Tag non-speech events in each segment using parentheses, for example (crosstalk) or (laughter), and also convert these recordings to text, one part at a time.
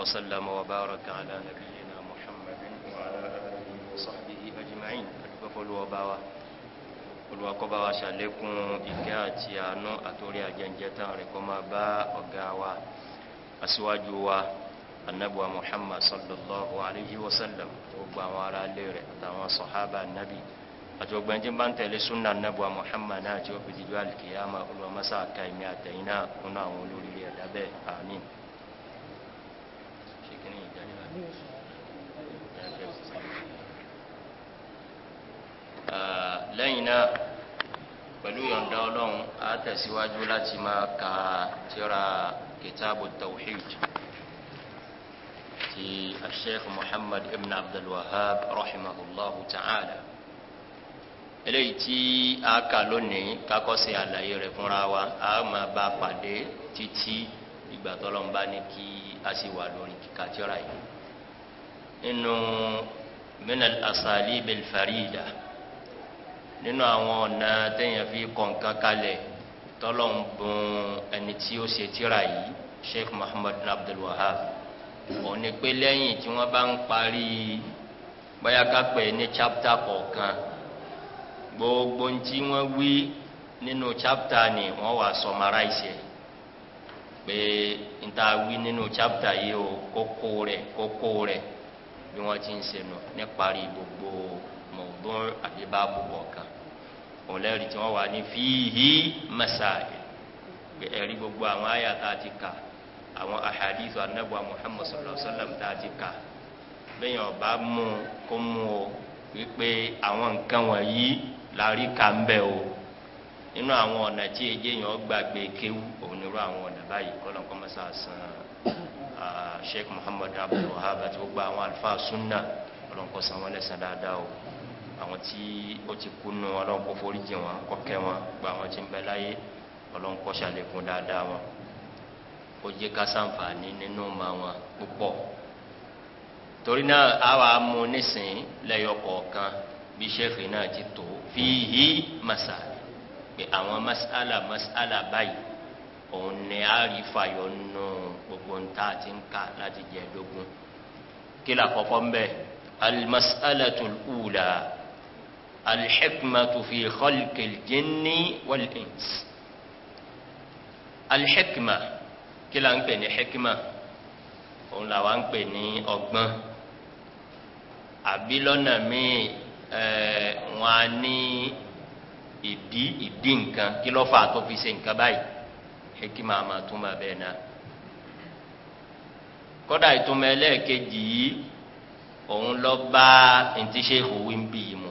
وسلم وبارك على نبينا محمد وعلى آله وصحبه أجمعين أتبفلوا وباوا olùwàkọ́bá wa ṣàlékún ìkẹ́ àti àánú àtòrí àjẹjẹta rẹ̀ kọ́ máa bá ọ̀gá wa aṣíwájú wa anabuwa muhammad sallallahu alayhi wa sallam gbogbo àwọn ará ilé rẹ̀ àtàwọn sọ̀hábà anabi àti ọgbà ẹni tí bá ń tẹ̀lé sunna anabuwa muhammad náà tí ó fi dìjú àlìkìyàmà olùwàmásá àka àtẹ̀yìn náà kúnná àwọn olórí rẹ̀ dábẹ́ àmín. Uh, lẹ́yìn náà pẹ̀lú yọ̀ǹda ọlọ́run á tẹ̀síwájú láti máa ka tíra kìtàbù tawhid ti asheikh muhammad ibn abdulwahab rahimahullahu ta'ala eléyìí tí a kà lónìí kakọ́sí àlàyé rẹ̀ fúnra wa a máa bá pàdé títí ìgbà tọ́lọ́mbá ní kí a sì wà lórí kíkà tíra yìí. Ninu minal asali bil farida ninu àwọn ọ̀nà téèyàn fi kọ̀ǹkan kalẹ̀ tọ́lọ́n bùn ẹni tí ó ṣe tíra sheikh muhammad abdul wahab òun ni pé lẹ́yìn tí wọ́n bá ń parí bóyá ká pè ní chapter kọ̀ọ̀kan gbogbo ntí wọ́n wí nínú chapter ni wọ́n wá summarize pé n wí nínú chapter yìí o kókó rẹ̀ kókó rẹ̀. bí wọ́n ti ń ṣe nù níparí gbogbo mọ̀ọ́dún àbí báàbù kọ̀ọ̀kan tí wọ́n wà ní fíhí masáàlì ẹ̀rí gbogbo àwọn àyà tá a ti kà àwọn àhàdìsọ anábọ̀ Muhammad tá a ti ọba mú kó mú o wípé àwọn nǹkan wọ̀nyí kà ń bẹ̀ o nínú àwọn ọ̀nà tí èjì gbàgbé kéwú òun Ah, sheikh muhammad abdul wahab àti gbogbo àwọn alfa sunna ọlọ́nkọ́ san wọn lẹ́sàn dáadáa o àwọn tí ó ti kúnnú ọlọ́nkọ́ forí jì wọn kọ́kẹ́ wọn gba àwọn tí ń bẹ láyé ọlọ́nkọ́ ṣàlékún dáadáa wọn ó jẹ́ ká sàǹfààní nínú ma wọn púpọ̀ torí náà àwa mú nísìnyí lẹ́yọ kọ̀ọ̀kan bí sheikh náà ti tó fi hí masa pé àwọn masala masala báyìí òun ni a rí fàyọ nù gbogbo ntá àti nkà láti jẹ dógún kí la kọ́kọ́ ń bẹ alimasalatu ula alihikmatu fi khalqil jinni wal ins alihikma kí la ń òun la wa ń pè ní ọgbọ́n àbí lọ́nà míì ẹ̀ wọ́n á ní tó fi ṣe nǹkan báyìí hekima máa túmọ̀ bẹ́ẹ̀ náà kódà ìtumọ̀ ẹlẹ́ẹ̀kejì yìí òun lọ bá ntí sèkò wí ń bì í mu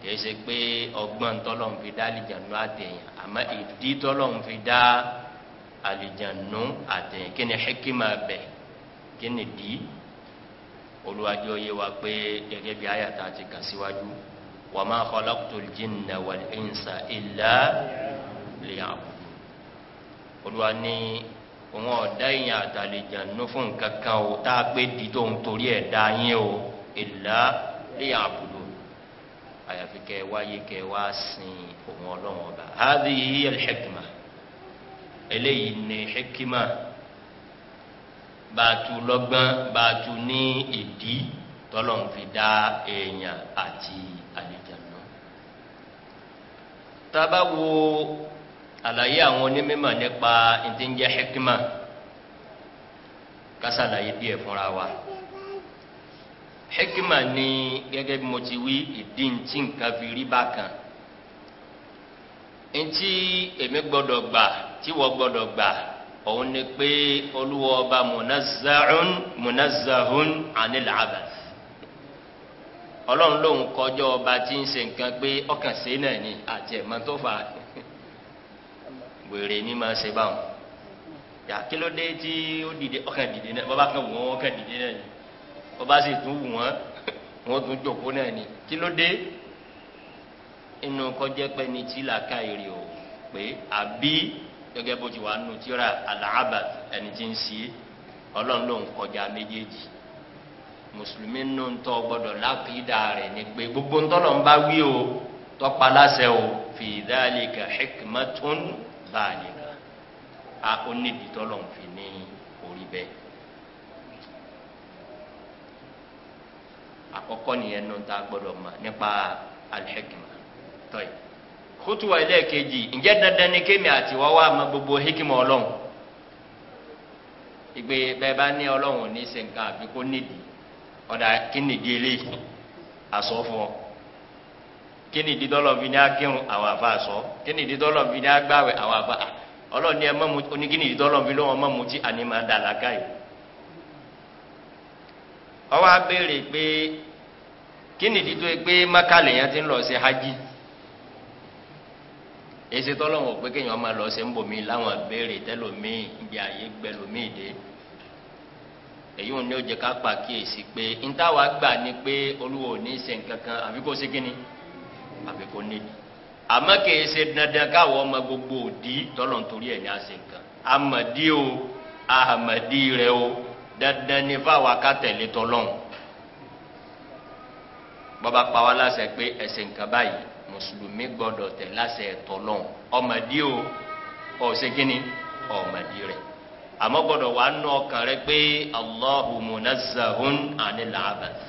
kìí ṣe pé ọgbọ́n tọ́lọ́hún fi dá àlìjànú àtẹ̀yìn àmọ́ ìdí tọ́lọ́hún fi dá àlìjànú àtẹ̀yìn kí ni hekima bẹ̀ kí ni dì í wa pé gẹ́gẹ́ bí ayàtà ti kà síwájú wa ma khalaqtul jinna wal insa illa olùwà ní òun ọ̀dá ìyẹn àtàlẹ̀jànú fún nǹkan kan o tá a pé di tóun torí ẹ̀ dá yín o ìlà léyà àbúrò àyàfi kẹ wá yé kẹ wá sin òun ọlọ́run ọba hadhihi hiya al-hikma eléyìí ní hikima bàtú lọ́gbọ́n bàtú ní ìdí tọ́lọ́run fi dá èèyàn àti àlejànú. tábà àlàyé àwọn onímọ̀ nípa ìdí ń jẹ́ hekima kásàlàyé díẹ̀ fúnra wa hekima ni gẹ́gẹ́ bí mo ti wí ìdí tí nǹkan fi rí bákan ntí èmi gbọ́dọ̀ gbà tí wọ́n gbọ́dọ̀ gbà òun ni pé olúwa ọba munazzahun munazzahun ọlọ́run lòun kọjọ́ ọba tí ń ṣe nǹkan pé ọkàn sí náà ni àti ẹ̀mọ́ tó fà á wèrè ní máa ṣe báwọn yà kí ló dé tí ó dìde ọkàn dìde náà bọ́bá kan wù wọ́n ọkàn dìde náà ni bọ́bá sì tún wù wọ́n wọ́n tún jòkó náà ni kí ló dé inú kọjá pé ní tí làákà èrè o pé àbí gẹ́gẹ́ bó ti wà nù tíra àlàábà ẹni tí ń sí ọlọ́run ló ń kọjá méjèèjì mùsùlùmí nù ń tọ́ gbọ́dọ̀ lákìdá rẹ̀ ni pé gbogbo ń tọ́lọ̀ ń bá wí o tọ́pa láṣẹ o fi dhalika hikmatun dhalika a ó nídìí tọ́lọ́hún fi ní orí bẹ́ẹ̀. àkọ́kọ́ nìyẹn nù tá a gbọ́dọ̀ mọ̀ nípa alhikima tọ́yì kótóa ẹlẹ́ẹ̀kejì ǹjẹ́ dandan ni kémi àti wá wá mọ gbogbo hikima ọlọ́run ìgbé bẹ́ẹ̀ bá ní ọlọ́run ní sèǹkà àbí kó nídìí ọ̀dà kí nìdí eléyìí àsọ kíni ìdí tọ́lọ̀ fi ní akírun àwọn àfa sọ kíni ìdí tọ́lọ̀ fi ní agbáwẹ̀ àwọn àfa ọlọ́ọ̀ni ẹ mọ́mu oní kíni fi mọ́mu tí àní máa dà lága yìí. ọwọ́ abéèrè pé kíni ìdí pé mákàlẹ̀ yẹn ti ń lọ sí hajj èsì pé kéèyàn lọ sí láwọn abéèrè ibi àyè dé èyí wọn ni ó jẹ ká pàkíyèsí pé gbà pé olúwo ò ní àbí kò nídìí àmọ́ kìí ṣe dandan káwọ́ ọmọ gbogbo òdì tọ́lọ̀ nítorí ẹ̀ ní àṣẹ nǹkan amadi o ahamadi rẹ o dandan ní fáwọn akátẹ̀lé tọ́lọ́n bọ́ba pa wá láṣẹ pé ẹ̀sìn nǹkan báyìí mùsùlùmí gbọ́dọ̀ tẹ̀ láṣẹ tọ́lọ́n ọmọdé o ọ̀sẹ̀ kínní ọmọdé rẹ àmọ́ gbọ́dọ̀ wà nù ọkàn rẹ pé Allahu munazzahun anil abath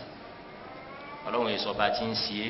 yìí sọ bá ti ń ṣe é.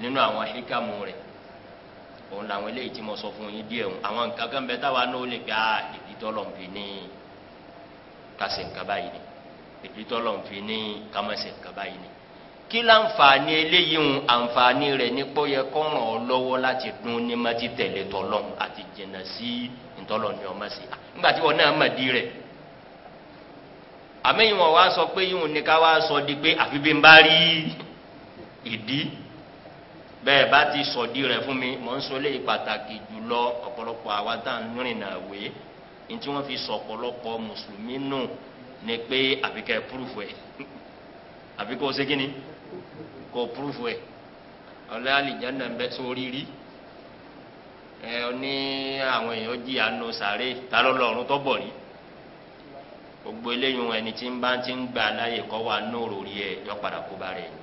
nínú àwọn ahikamu rẹ̀ òun làwọn eléyìí tí mo sọ fún yín díẹ̀ òun àwọn nǹkan kan bẹ táwa náà ó lè gba ah, ìdítọ́lọ̀ nfi ní kásẹ̀ nǹkan báyìí ni ìdítọ́lọ̀ nfi ní kámẹ́sẹ̀ nǹkan ni kí láǹfààní eléyìí ń àǹfààní rẹ̀ nípò yẹ kó ràn ọ́ lọ́wọ́ láti dún ní mọ́tí tẹ̀lé tọ́lọ́ àti jìnnà sí ìtọ́lọ̀ ní ọmọ sí i nígbà tí wọn náà wa sọ pé ìwọ̀n ní ká sọ di pé àfi bí n bá rí bẹ́ẹ̀ bá ti sọ̀dí rẹ̀ fún mi mọ̀ ń sọ lé pàtàkì jùlọ ọ̀pọ̀lọpọ̀ àwa tá à ń wé ní tí wọ́n fi sọ ọ̀pọ̀lọpọ̀ mùsùlùmí nù ni pé àbíkẹ́ púrúfù ẹ̀ (laughs) àbíkọ́ ṣé kí ni kò púrúfù ẹ̀ ọ̀lẹ́ àlìjáná ń bẹ sórí rí ẹ ní àwọn èèyàn jí àánú sàárè ta ló wa nóòrò rí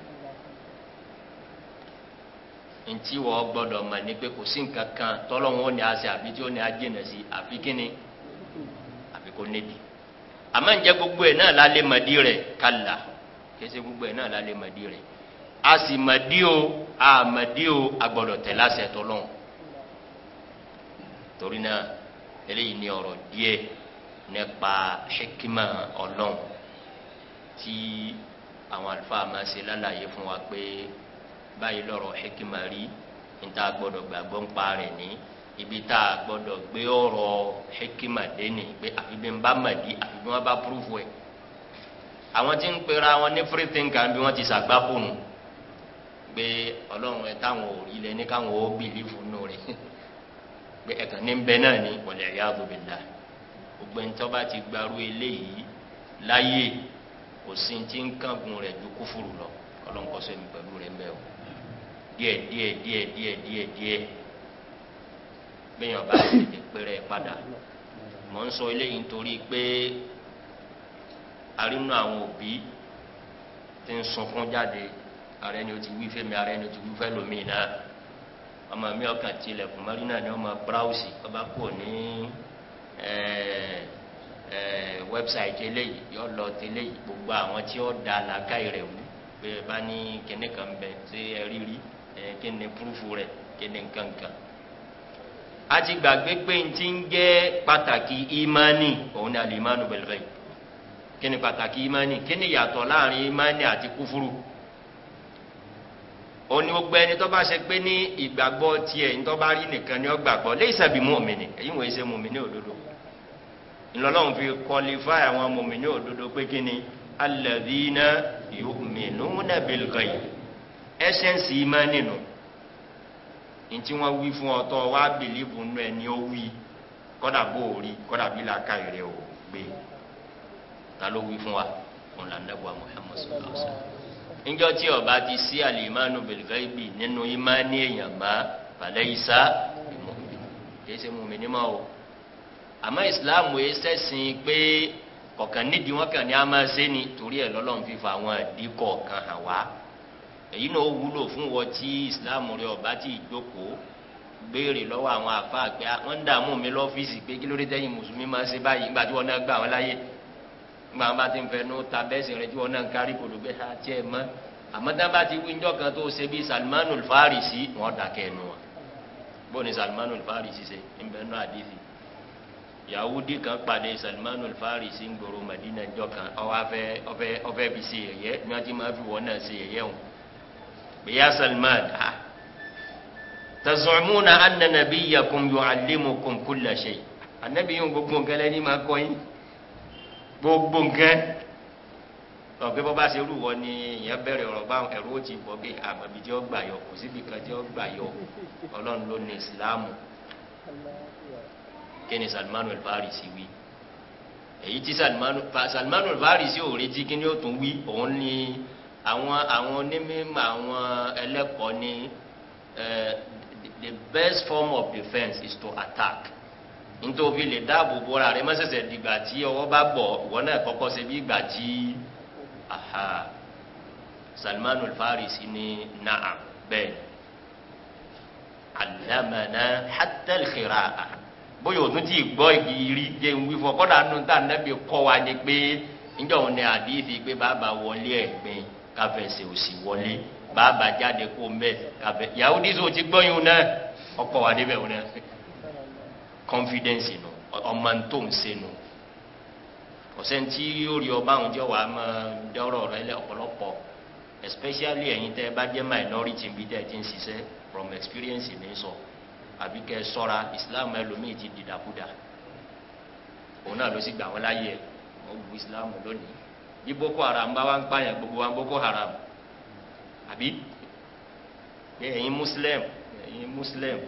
ntí wọ́n gbọ́dọ̀ mọ̀ ní pé kò sí nǹkan kan tọ́lọ́wọ́n ó ní àṣẹ àbí tí ó ní ajínà sí àfi kíni àfi kó níbi àmọ́ ǹjẹ́ gbogbo ẹ̀ náà lálé mọ̀dí rẹ̀ kálá kése gbogbo ẹ̀ náà lálé mọ̀dí rẹ̀ a sì mọ̀dí o a mọ̀dí o a gbọ́dọ̀ tẹ̀ láṣẹ tọ́lọ́wọ́n torí náà eléyìí ni ọ̀rọ̀ díẹ̀ nípa ṣẹ́kímà ọlọ́run tí àwọn àlùfáà máa ṣe lálàyé fún wa pé báyìí lọ́rọ̀ hekima rí níta gbọ́dọ̀ gbàgbọ́ ń pa rẹ̀ ní ibi tá a gbọ́dọ̀ gbé ọ̀rọ̀ hekima dé ní pé àfibí ń bá màdí àfibí wọn bá púrúfù ẹ̀ àwọn tí ń pera wọn ní free thinker bí wọ́n ti sàgbá fóònù pé ọlọ́run ẹ táwọn ò rí lẹ ní káwọn ó bìlífù nù rẹ̀ (laughs) pé ẹ̀kan ní bẹ náà ní wal iyadu billah gbogbo ẹni tó ti gbarú eléyìí láyé kò sí ti ń kángun rẹ̀ ju kúfùrù lọ ọlọ́run kọ́ sẹ́mi pẹ̀lú rẹ̀ ń díẹ̀ díẹ̀ díẹ̀ díẹ̀ díẹ̀ díẹ̀ bẹ́ẹ̀ yọ̀ọ́ bá tètè péré padà mọ̀ ń sọ eléyìí nítorí pé arínú àwọn òbí ti ń sunkún jáde ààrẹ ni ó ti wí fẹ́mi ààrẹ ni ó ti wí fẹ́ lómi náà ọmọ mi ọkàn tilẹ̀kùn mọ́rínà ni ọmọ bíráùsì ọba kò ní wẹ́bsáìtì eléyìí yọ lọ tẹ́lẹ̀ gbogbo àwọn tí ó da làákàyè rẹ̀ wú pé bá ní kíní kan ṣé ẹ rí rí Eh, kí ni púrúfù rẹ̀ nkankan a ti gbàgbé pé n ti ń jẹ́ pàtàkì ìmánì òun ni alìmánu bẹ̀rẹ̀ kí pàtàkì ìmánì kí yàtọ̀ láàrin ìmánì àti kúfúrú òní gbogbo ẹni tó bá ṣe pé ní ìgbàgbọ́ tiẹ̀ ní bá rí nìkan ni ó gbàgbọ́ lẹ́yìn sàbí mùmínì èyí wọ́n ṣe mùmínì òdodo ńlọ́lọ́run fi kọlifáì àwọn mùmínì òdodo pé kí ni alladhina yu'minuna bil ghaib ẹsẹ̀nsì ìmọ̀ nínú ntí wọ́n wí fún ọtọ́ wá bìlífù nù ẹni ó wí kọ́dà bó o rí kọ́dà bí làákà rẹ̀ ò gbé ta ló wí fún wa òun là ń dẹ́gbà Muhammad sallallahu alaihi wasallam níjọ́ tí ọba ti sí àlìmánu bẹ̀lẹ́gàìbì nínú ìmánì èèyàn má balẹ̀ ìsá ìmọ̀ kì í ṣe mú mi nímọ̀ o àmọ́ ìsìláàmù yìí sẹ́sìn pé kọ̀ọ̀kan nídìí wọn kàn ní a máa ni torí ẹ̀ lọ́lọ́run fífa àwọn ìdí kọ̀ọ̀kan hàn wá èyí náà ó wúlò fún wọn tí islam rẹ ọba tí ìjókòó béèrè lọ́wọ́ àwọn àfáà pé ah, wọ́n ń dààmú mi lọ́fíìsì pé kí ló dé tẹ́yìn mùsùlùmí máa ṣe báyìí nígbà tí wọ́n náà gbà wọ́n láyè nígbà wọn bá ti ń fẹnu ta bẹ́sẹ̀ rẹ tí wọ́n náà ń kárí kò ló bẹ́ ah, tiẹ̀ mọ́ àmọ́ tá bá ti wí njọ́ kan tó ṣe bí Salmanu Farisi wọ́n dàkẹ́ ẹnu wọn bó ni Salmanu Farisi ṣe ń bẹ́ẹ̀ náà àdìsí yahudi kan pàdé Salmanu Farisi ń gbòòrò Madina njọ́ kan ó wá fẹ́ ó fẹ́ ó fẹ́ bí ṣe yẹ̀yẹ́ ni wọ́n ya salman تزعمون أن نبيكم يعلمكم كل شيء النبي anabi yóò ما nǹkan lẹni máa kọ́ yín gbogbo nǹkan ọgbẹ bọba ṣe rú wọ ni ìyẹn bẹ̀rẹ̀ ọ̀rọ̀ bá ẹrú ó ti bọ bí àmọbi tí ó gbà yọ kò síbi kan tí ó Ọlọ́run ló ní ìsìláàmù kí ni Salman wí èyí tí Salman al-Farisi ò retí kí ó tún wí òun ní àwọn àwọn onímọ̀ àwọn ẹlẹ́kọ̀ọ́ ní the best form of defence is to attack nítorí lè dáàbò bóra rẹ má ṣẹ̀ṣẹ̀ dìgbà tí ọwọ́ bá bọ̀ ìwọ náà kọ́kọ́ ṣe bí ìgbà tí aha Salman al-Farisi ni naam bẹ́ẹ̀ alamana hatta al-khira'a bóyá òtún tí gbọ́ ìrírí jẹ́ ń wí fún ọ kọ́dà nù tá nàbí kọ́ wa ni pé níjọ́ òun ni àdìsí pé bàbá wọlé ẹ̀gbìn káfẹsẹ̀ òsì wọlé bàbá jáde kó mbẹ káfẹ yahudi tó ti gbọ́ yìí náà ọkọ wa níbẹ̀ wọn náà confidence nù ọmọ tó ń se nù ọ̀sẹ̀ ntí yóò rí ọba àwọn jọ wàá máa dọ́rọ̀ rẹ lẹ ọ̀pọ̀lọpọ̀ especially ẹ̀yin tẹ́ bá jẹ́ minority bí tẹ́ ti ń ṣiṣẹ́ from experience ní sọ àbí kẹ́ sọ́ra islam ẹlòmíì ti dìdàkudà òun náà ló sì gbà wọ́n láyé ẹ̀ wọ́n gbu islam lónìí bí boko haram bá wá ń pààyàn gbogbo wa boko haram àbí ẹ̀yin muslim ẹ̀yin muslim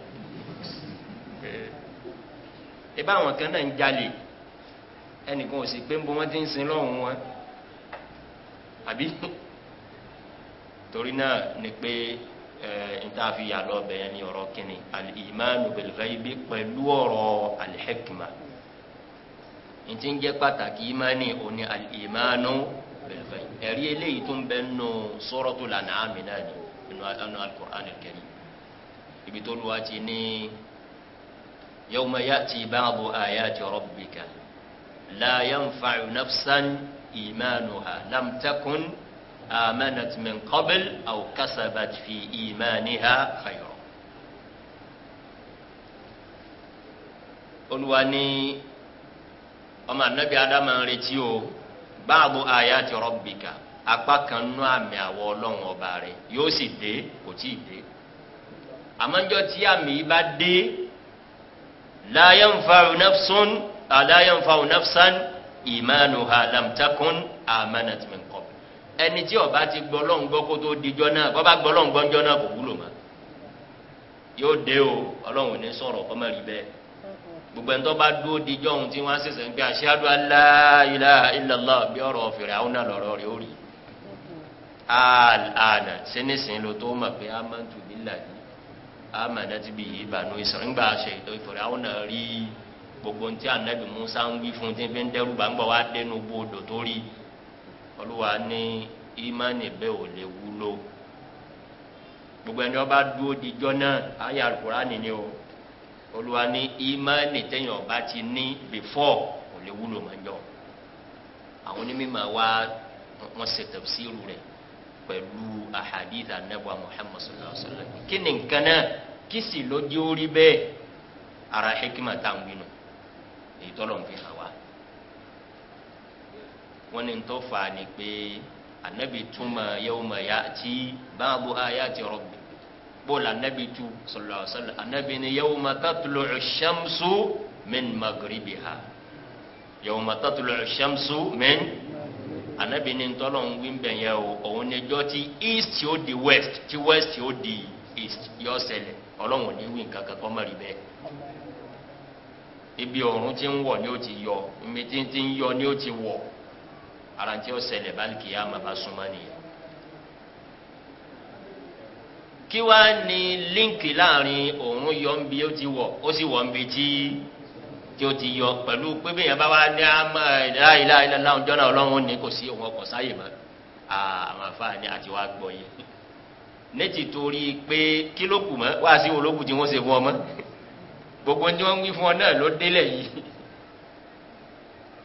ẹ bá àwọn kan náà ń jalè ẹnìkan ò sì pé ń bo wọn ti ń sin lọ́hùn wọn àbí torí náà ni pé ntaafi yà ni ọ̀rọ̀ kìnnì al-imanu bil pẹ̀lú ọ̀rọ̀ al ntí ń jẹ́ pàtàkì ìmánì òní alìmánú bẹ̀rẹ̀ ẹ̀rí eléyìí tó ń bẹ nù Suratul An'am náà ni nínú àánú al-Qur'an al-Karim ibi tó lu wa ti ní yawma ya'ti ba'du ayati rabbika la yanfa'u nafsan imanuha lam takun amanat min qabl aw kasabat fi imaniha khayra. olùwà ni ọmọ anabi adama ń retí o báàbò àyà ti rọbìkà apá kan nú àmì àwọ ọlọ́run ọba rẹ yóò sì dé kò tí ì dé àmọ́jọ́ tí àmì yìí bá dé láyé nfa nafsun àláyé nfa nafsan ìmánuha ẹni tí ọba ti gbọ́ gbọ́ kó tó dijọ́ náà bọ́ba gbọ́ ọlọ́run náà kò wúlò mọ́ yóò dé o ọlọ́run ò ní sọ̀rọ̀ kọ́mọ́rì bẹ́ẹ̀. gbogbo ẹni bá dúró di ijó tí wọ́n ṣẹ̀ṣẹ̀ ń gbé aṣáájú aláìlá bí ọ̀rọ̀ fèrè àwọn náà rẹ̀ ó rí ló tó mọ̀ pé amantu billahi amànà ti bí yìí ìsọ̀rọ̀ ńgbà aṣọ àwọn rí gbogbo tí fún tí ń dẹ́rù bá ń tó rí olúwa olùwà ní ìmánì tẹ̀yìn ọba ti ní before kò lè wúlò máa ń jọ àwọn onímọ̀ wa wọ́n ṣe tafsiru rẹ̀ pẹ̀lú ahaditha anabuwa muhammad sallallahu alaihi wa sallam kí ni nǹkan náà kí sì ló dé orí bẹ́ẹ̀ ara hekima tá à ń gbinu èyí tọ́lọ̀ ń fi hàn wá wọ́n ní tó fà ni pé anabi túmọ̀ yawma ya'ti ba'du ayati rabbi bóòlù anabi tu sọlọ sọlọ anabi ni yawma tatlu shamsu min magribiha yawma tatlu shamsu min anabi ni ntọ́lọ̀ ń wí bẹ̀ yẹn o òun ni jọ́ ti east yóò di west ti west yóò di east yóò ṣẹlẹ̀ ọlọ́run ò ní wí nǹkan kan kọ́ mọ̀rì bẹ́ẹ̀ ibi ọ̀run ti ń wọ̀ ni ó ti yọ ibi tí ń ti ń yọ ni ó ti wọ̀ ara ó ṣẹlẹ̀ báyìí kìí àmà súnmọ́ nìyẹn. kí wá ní líǹkì láàrin òun yọ ń bi ó ti wọ̀ ó sì wọ̀ ń bi tí tí ó ti yọ pẹ̀lú pé bí èèyàn bá wá ní àmọ́ ẹ̀dá ìlà ìlà láwọn jọ́nà ọlọ́run ní kò sí òun ọkọ̀ sáyè mọ́ àwọn àfààní àti wá gbọ́ yẹ nẹ́tì torí pé kí ló kù mọ́ wá sí olókù tí wọ́n ṣe fún ọmọ gbogbo tí wọ́n wí fún ọ náà ló délẹ̀ yìí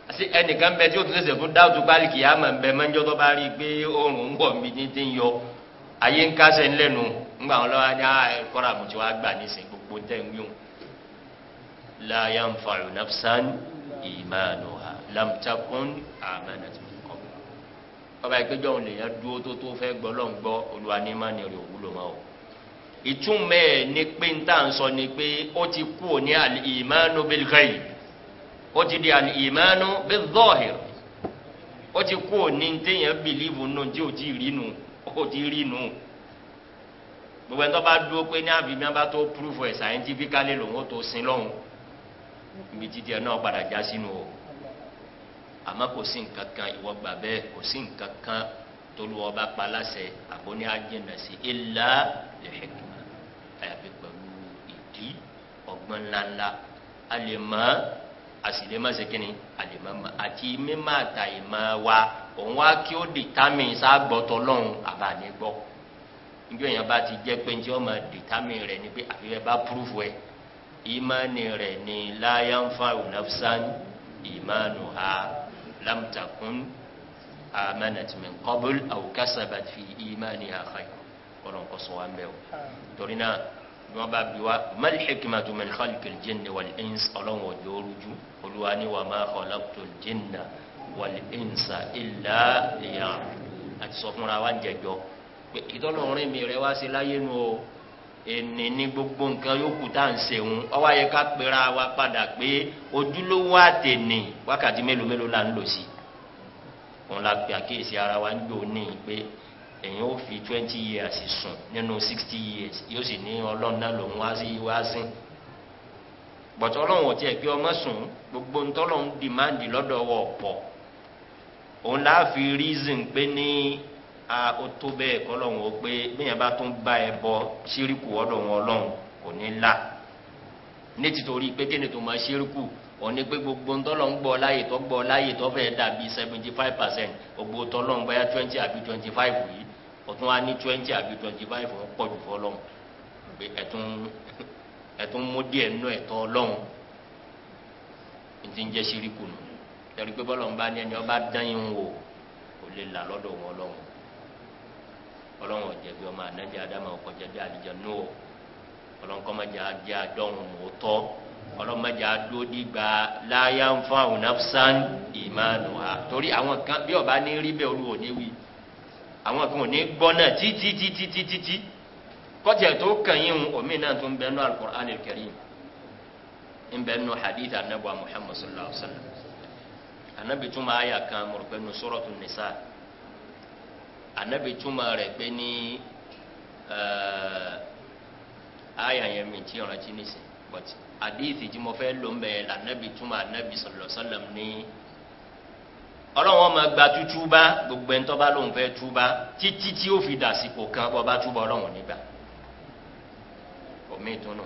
àti ẹnìkan bẹ tí ó tún ṣẹ̀ṣẹ̀ fún dáàtú pálíkì àmọ̀ bẹ mọ́jọ́ tó bá rí i pé oòrùn ń bọ̀ mí ní ti ń yọ ayé ń kásẹ̀ ńlẹ́nu ńgbà wọn lọ́wọ́ ajá ah, kọ́ra àmọ́ tí wọ́n á gbà nísìn gbogbo tẹ̀ ń wíwọ̀n la yanfa'u nafsan imanuha lam takun amanat min qabl ọba ìgbẹ́jọ́ òun lèèyàn dúró tó tó fẹ́ gbọ́ lọ́n gbọ́ olúwa ní má rẹ̀ òwúlò mọ́ o ìtumọ̀ ni pé ń tà ń sọ ni pé ó ti kú ní al-imanu bil ghaib ó ti di al-imanu bil zahir ó ti kú ní téèyàn bìlíìfù nù tí ò tí rí nù bó ti rí nù gbogbo ẹni tó bá dúró pé ní àbí mẹ́ta tó púrúfù ẹ̀ scientifically lòun ó tó sin lọ́hùn ibi títí ẹ náà padà já sínú o àmọ́ kò sí nǹkan kan ìwọ gbà bẹ́ẹ̀ kò sí nǹkan kan tolu ọba palasẹ àbóní ajínàsí ilà lẹ́hìnkìmá àyàfi pẹ̀lú ìdí ọgbọ́n ńláńlá a lè mọ̀ ọ́ àsìlémàṣe kínní àlèmọ́mọ́ àti mímọ́ àtà ìmọ̀ wa òun wá kí ó determine sáàgbọ́tọ̀ lọ́hùn àbàní gbọ́ níbi èèyàn bá ti jẹ́ pé njẹ́ ọmọ determine rẹ̀ ni pé àfihàn bá proof ẹ̀ ìmọ̀ni rẹ̀ ni láyánfà ònàfsán ìmọ̀nù ha lámtàkùn àmànàtìmẹ̀ kọ́bùl àwòkásàbàtì ìmọ̀ni àkàyọ̀ ọ̀rọ̀ nǹkan ń bẹ̀ o torí náà bí wọn bá bi wa mal hikmatu min khalqil jinni wal ins Ọlọ́run ọjọ orújú Olúwa ni wa ma khalaqtul jinna wal insa illa liya'budun àti sọ fúnra wa ń jẹjọ pé ìtọ́lọ́rin mi rẹ wá sí láyé nu o ẹni ní gbogbo nǹkan yòókù tá à ń sèwọn ọwọ́ ayé ká pera wa padà pé ojúlówó àtẹnì wákàtí mélòó mélòó là ń lò sí òun la pè àkíyèsí ara wa ń gbò ní pé èyàn ó fi twenty years sùn nínú sixty years yóò sì ní ọlọ́run náà lòun wá sí wá sí bọ̀tọ̀ ọlọ́run ò tiẹ̀ gbé ọmọ sùn gbogbo ntọ́lọ́run dìmáàndì lọ́dọ̀ wọ̀ pọ̀ òun láà fi reason pé ní a ó tó bẹ́ẹ̀ kọ́ lọ́run ó pé bẹ́ẹ̀ bá tún bá ẹ bọ síríkù ọ̀dọ̀ wọn ọlọ́run kò ní là ní títorí pé kíni tó máa ṣírkù òní pé gbogbo ntọ́lọ̀ ń gbọ́ láyè tó gbọ́ láyè tó fẹ́ dàbí seventy five percent gbogbo tọ́lọ̀ ń báyà twenty àbí twenty five yìí o tún wá ní twenty àbí twenty five ó pọ̀ jù fọlọ́n pé ẹ̀tún ẹ̀tún mú díẹ̀ nínú ẹ̀tọ́ ọlọ́run ti ń jẹ́ síríkù nù tẹ̀lé pé bọ́lọ̀ ń bá ní ẹni ọba dán yín wò kò lè là lọ́dọ̀ wọn ọlọ́run ọlọ́run ọ̀jẹ̀bi ọmọ ànábì adama ọkọ̀jẹ̀ bí àlejò nù ọ́ ọlọ́run kọ́ mẹ́jà jẹ́ àdọ́run mọ́tọ́ ọlọ́run mẹ́jà dúró dìgbà láyà ń fún àwọn ìmánu wa torí àwọn kan bí ọba ní rí bẹ́ẹ̀ olúwo ní wí àwọn kan ò ní gbọ́ náà títí títí títí tí kọjá tó kàn yín omi náà tó ń bẹ nù alukur'an karim ń bẹ nù hadith anabu muhammad sallallahu alaihi wa sallam anabi tún máa yà kan mọ̀rọ̀pẹ́ nù suratu nisa anabi tún máa rẹ̀ pé ní aya eh, yẹn mi tí ọ̀rọ̀ ti nìsín but hadith tí mo anabi tún anabi sallallahu alaihi wa sallam ní ọlọ́run ọmọ gba tútú bá gbogbo ẹni tó bá lóun fẹ́ tú bá títí tí ó fi dàsìkò kan bọ́ bá túbọ̀ ọlọ́run nígbà omi ìtúnú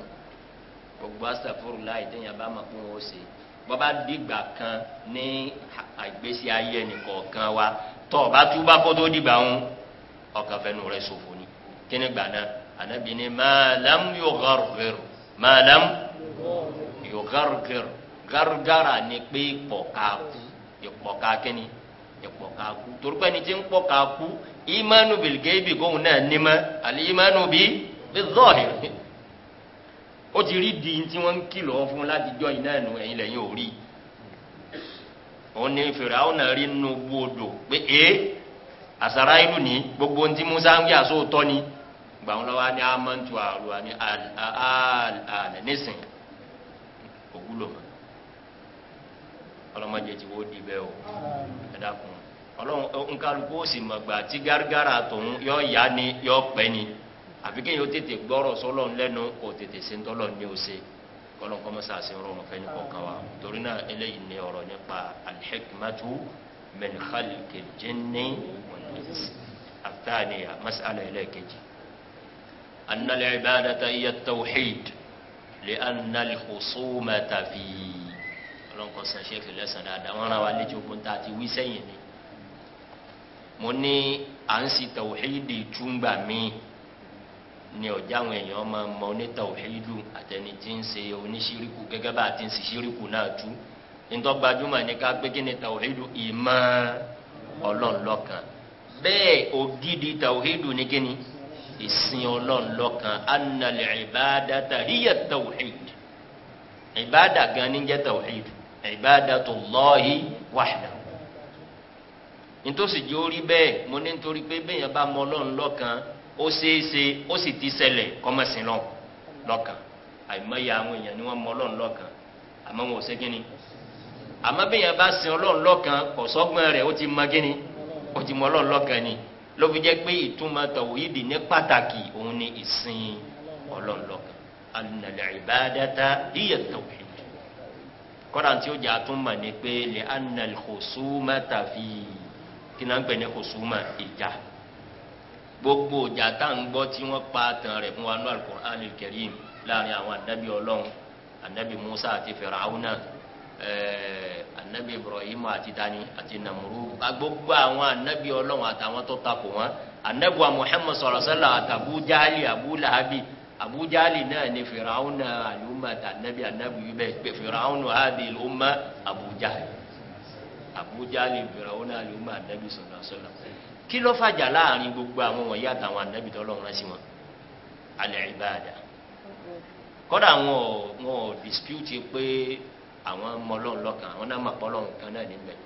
gbogbo asàfúrú láì téèyàn bá máa pín owó sí bọ́ bá dìgbà kan ní àgbésí ayé ẹnìkọ̀ọ̀kan wa tó o bá tú bá kó tó dìgbà ń ọkàn fẹnu rẹ ṣòfò ni kíni gbà náà ànábì ni màálàm yóò gàrúgẹrù màálàm yóò gàrúgẹrù gàrúgàrà ni pé pọ̀ ká ìpọ̀ka kínní ìpọ̀ka kú torípé ni tí ń pọ̀ka kú ìmánu bil gaibi kóhun náà ní mọ́ àlè ìmánu bí bí zọ́ọ̀hìn ó ti rí di tí wọ́n ń kìlọ̀ fún láti jọ iná ẹ̀nu ẹ̀yìn lẹ́yìn òrí òun ni fèrè àwọn náà rí nínú gbòdò pé é àsàrà ìlú ni gbogbo ohun tí Musa ń gbé àsóòtọ́ ni gbà wọn lọ́wọ́ ní amantu àrùwá ní àlẹ́ nísìn mọ́. ọlọ́mọdé ti wó di bẹ́ẹ̀ o ẹ̀dá kun ọlọ́run nkálukú ó sì mọ̀ gbà tí gárgárà tòun yọ ya ni yọ pẹ́ ni àfi kéèyàn tètè gbọ́rọ̀ sọ́lọ́ lẹ́nu kò tètè ṣe ń tọ́lọ̀ ní o ṣe kọ́lọ́n kọ́ mọ́sá sí rọrùn fẹ́ni kọ̀ọ̀kan wa torí náà eléyìí ní ọ̀rọ̀ nípa alhikmatu min khalqi jinni wal ins الثانية مسألة إليكجي أن العبادة هي التوحيد لأن الخصومة فيه ọlọ́nkọ́ san ṣéèkì lẹ́sàn dáadáa wọ́n rán wa létí ogun tá a ti wí sẹ́yìn ni mo ní à ń si tàwùhídì túngbà míì ni ọjà àwọn èèyàn máa mọ onítàwùhídù àtẹni tí ń ṣe oníṣíríkù gẹ́gẹ́ bá a ti ń ṣe ṣíríkù náà tú nítorí gbajúmọ̀ ní ká pé kí tàwùhídù ìmọ̀ ọlọ́ọ̀lọ́kan bẹ́ẹ̀ ògidì tàwùhídù ní kí ìsìn ọlọ́ọ̀lọ́kan annal ìbádà tàríyà tàwùhídù ìbádà gan ni jẹ́ tàwùhídù ibadatullahi wahdahu nítòsí jẹ́ orí bẹ́ẹ̀ mo ní nítorí pé bẹ́ẹ̀ yẹn bá mọ ọlọ́run lọ́kan ó ṣeéṣe ó sì ti ṣẹlẹ̀ kọ́mọ̀sìn lọ lọ́kan àìmọye àwọn èèyàn ni wọ́n mọ ọlọ́run lọ́kan àmọ́ wọn ò ṣe kínni àmọ́ bẹ́ẹ̀ yẹn bá sin ọlọ́run lọ́kan kò sọ́gbọ́n rẹ̀ ó ti mọ kínni ó ti mọ ọlọ́run lọ́kan ni ló fi jẹ́ pé ìtumọ̀ tọ̀wíìdì ní pàtàkì òun ni ìsìn kọ́dà tí ó jà tún mọ̀ ní pé lè anal kòsúmà tàfi kí náà ń pè ní kòsúmà ìjà gbogbo ìjà tá à ń gbọ́ tí wọ́n pa tàn rẹ̀ fún wa ní alukur'an kẹrìm láàrin àwọn anabi ọlọ́run anabi musa àti fìràwùnà anabi eh, ibrahim àti tani àti namuru gbogbo àwọn anabi ọlọ́run àtàwọn tó takò wọn anabi wa sọ̀rọ̀ sẹ́la àtàbújáàlì abúlahabi abújáàlì náà ni fìràwùnà àlù umma ta anabi anabi yi bẹ pé firawunu adi ló ma abuja abuja lè firawunu adi ló ma anabi sọlọ sọlọ kí ló fàjà láàrin gbogbo àwọn wọ̀nyí àtàwọn anabi tó lọ́wọ́ rán sí wọn alẹ́ ìbáàdà kọ́dà wọn ò wọn ò dispute pé àwọn mọlọ́n lọ́kàn àwọn náà máa pọ́lọ́n kan náà níbẹ̀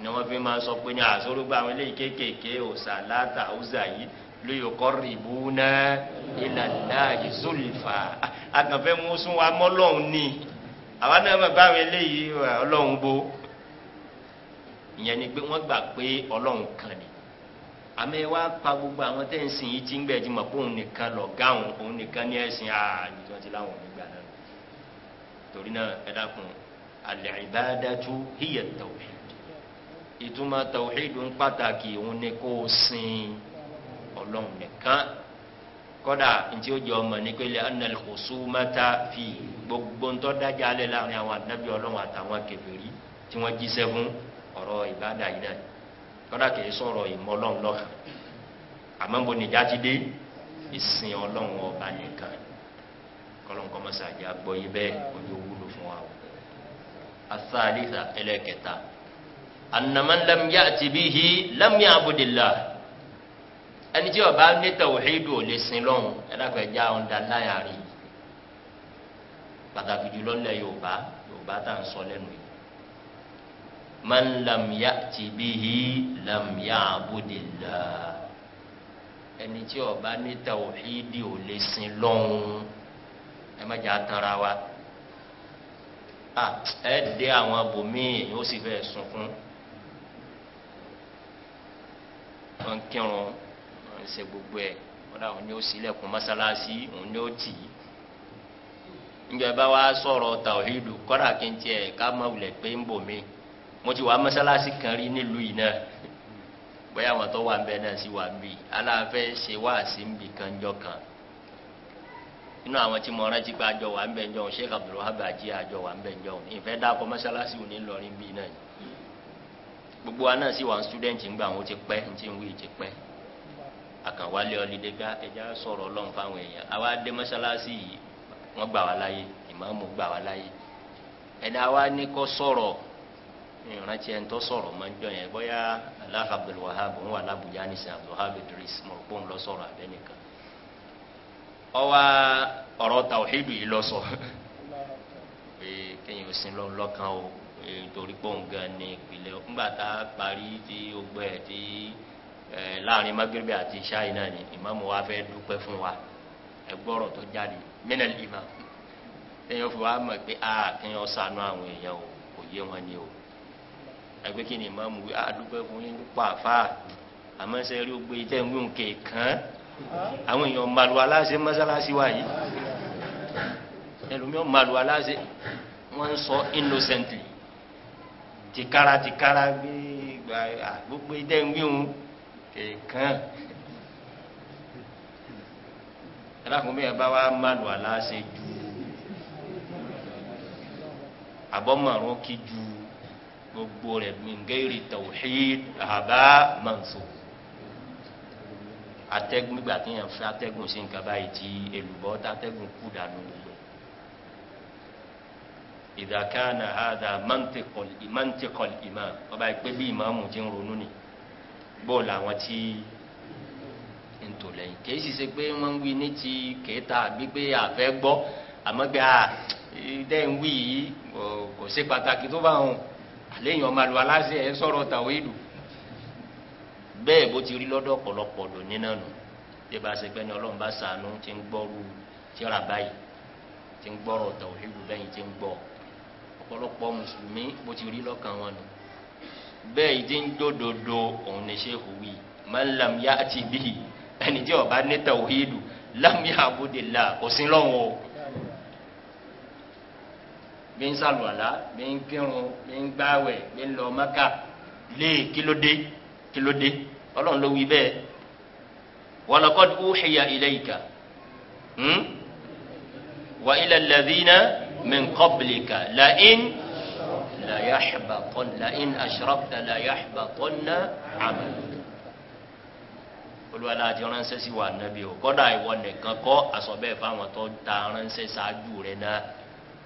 ni wọ́n fi máa sọ pé ní àsọ̀rọ̀gbà àwọn eléyìí kéékèèké òòsà látà lóyò kọ́ náà ìlànà ìzòlìfà akànfẹ́ mú sún wa mọ́ lọ́hùn ní náà bá àwọn eléyìí ọlọ́hùn bo ìyẹn ni pé wọ́n gbà pé ọlọ́hùn kan ni àmì wa pa gbogbo àwọn tẹ́ ń sìn yìí tí ń gbẹ̀ jí mọ̀ pé òun nìkan lọ gáhùn òun nìkan ní ẹ̀sìn ààyè tí wọ́n ti láwọn nígbà náà torí náà ẹ dákun alẹ́ ìbádàtú híyẹ tàwí ìtumọ̀ tàwí ìdún pàtàkì òun ni kó sin ọlọ́run nìkan kọ́dà ntí ó jẹ ọmọ ní pélé anal kòsúmọ́tà fi gbogbo ntọ́ dájà alẹ́ láàrin àwọn anábì ọlọ́run àtàwọn kẹfẹ́rí tí wọ́n jíṣẹ́ fún ọ̀rọ̀ ìbáda yìí náà kọ́dà kìí sọ̀rọ̀ ìmọ̀ ọlọ́run lọ́kàn àmọ́ bo nìjà ti dé ìsìn ọlọ́run ọba nìkan kọ́lọ́n kọ́ mọ́sàájì àgbọ̀ yìí bẹ́ẹ̀ ojú wúlò fún wa o. asáàlì ẹlẹ́kẹta anamọ́ lam yá abudulayi ẹni tí ọba ní tẹ̀wọ̀hídù ò lè sin lọ́hùn ẹ̀dàpẹ̀ já ọ̀hún dáńdáyà rí pàtàkì jùlọ ńlẹ̀ yorùbá yorùbá tá à ń sọ lẹ́nu yìí man lam ya'ti bihi lam ya'budillah ẹni tí ọba ní tẹ̀wọ̀hídù ò lè sin lọ́hùn ẹ má jà tanra wa ẹ dé àwọn abòmíì yóò sì fẹ́ sunkún wọn kírun. ń gbogbo ẹ kódà òun ni ó ṣílẹ̀kùn mọ́sálásí òun ni tì í njẹ bá wa sọrọ tàwíìlù kódà kí n ká mọ̀ wulẹ̀ pé ń mo ti wà masalasi kan rí nílùú yìí náà bóyá àwọn tó wà ń bẹ náà wà ń bì aláfẹ́ ṣe kan jọ kan inú àwọn tí mo rántí pé àjọ wà ń bẹ gbogbo wa náà sì wà student wọn ti ń ti akàwálé ọlídé gbá ah, ẹja sọ̀rọ̀ ọlọ́run fáwọn èèyàn àwa dé mọ́sálásí yìí wọ́n gbà wá láyé ìmáàmù gbà wá láyé ẹ̀dá wa ní kọ́ sọ̀rọ̀ ìrántí ẹni tó sọ̀rọ̀ máa idris lọ soro abẹ́nìkan ọwọ́ ọ̀rọ̀ tàwíìdù o a parí tí láàrin magrebi àti ṣáì náà ni ìmáàmù wa fẹ́ dúpẹ́ fún wa ẹgbọ́rọ̀ tó jáde mẹ́nẹ̀lì ìmá tẹ́yàn fi wá mọ̀ pé a kẹ́yàn sànú àwọn èèyàn o kò yé wọn ni o ẹgbẹ́ kí ni ìmáàmù wí a dúpẹ́ fún yín dúpọ̀ àfà àmọ́ ṣe rí ogbe tẹ́ ń wí òǹkè kàn àwọn èèyàn màlù aláṣẹ mọ́sálásí wa yìí ẹlòmíràn màlù aláṣẹ wọ́n ń sọ innocently tìkára tìkára gbé gbogbo tẹ́ ń wí èèkàn ẹlẹ́kùnrin yẹn bá wá mánu aláṣẹ ju abọ́mọ̀rún kí ju gbogbo rẹ̀ mingeri tawhid ahaba manso atẹ́gùn nígbà tí yẹn fẹ́ atẹ́gùn sí nǹkan báyìí tí èlùbọ́ tàtẹ́gùn kú dànù gbogbo ìdàkánà hàdà mọ́ntẹ́kọ̀lì ìmọ̀ ọba ìpẹ́bí ìmọ̀ ọ̀mù ti ń ronú nìyí bọ́ọ̀lù àwọn tí ń tò lẹ́yìn kìí sì ṣe pé wọ́n ń wí ní ti kẹta àbí pé àfẹ́ gbọ́ àmọ́ pé à dẹ́ ń wí yìí kò ṣe pàtàkì tó bá wọn àléyìn ọmọ àlùwà láṣẹ ẹ sọ̀rọ̀ tàwé ìlú bẹ́ẹ̀ bó ti rí lọ́dọ̀ ọ̀pọ̀lọpọ̀ lónìí náà nù bí ba ṣe pé ní ọlọ́run bá sànú ti ń gbọ́rú tíra báyìí ti ń gbọ́rọ̀ tàwé ìlú bẹ́yìn ti ń gbọ́ ọ̀pọ̀lọpọ̀ mùsùlùmí bó ti rí lọ́kàn wọn nù bẹ́ẹ̀ ìdí ń dòdòdò òun ni ṣéhù wí mọ́lám yá àti bí ẹni tí ọba ní tàwíìdù lámì àbúdìlà kò sí lọ́wọ́ bí ń sàlùwàlá bí ń kírun bí ń gbáwẹ̀ bí ń lọ mọ́kà lé kílódé kílódé ọlọ́run ló wí bẹ́ẹ̀ wàlọ́kọ́dù uhiya ilayka hmm? wa ila alladhina min qablika la in. ليحبطن لئن أشركت ليحبطن عملك olúwa láti ránṣẹ́ sí wa nàbí o kọ́dà ìwọ nìkan kọ́ àsọ̀bẹ́ fáwọn tó ta ránṣẹ́ ṣáájú rẹ̀ náà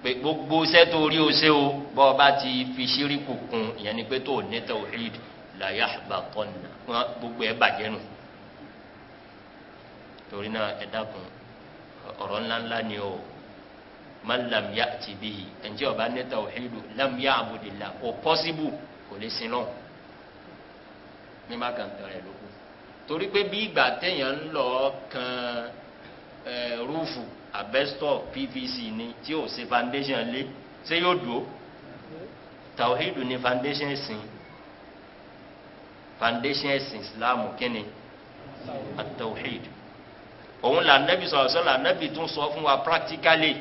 pé gbogbo iṣẹ́ tó rí o ṣe o bọ́ ọba ti fi ṣírí kùkùn ìyẹn ni pé tó ní tawhid la yahbatanna wọn gbogbo ẹ̀ bàjẹ́ nù torí náà ẹ dákun ọ̀rọ̀ ńláńlá ni o man lam ya'ti bihi ẹnjẹ ọba ní tawhidu lam ya'budillah kò possible kò lè sin lọ́hùn ní má kàn tẹ̀rẹ̀ lóko torí pé bí ìgbà téèyàn ń lọ kan rúfù abẹ́stọ̀ pvc ni tí ò ṣe foundation lé ṣé yóò dúró tawhidu ni foundation ẹ̀sìn foundation ẹ̀sìn islamu kíni at òun là nẹ́bí sọ̀rọ̀ sọ́la nẹ́bí tún sọ fún wa practically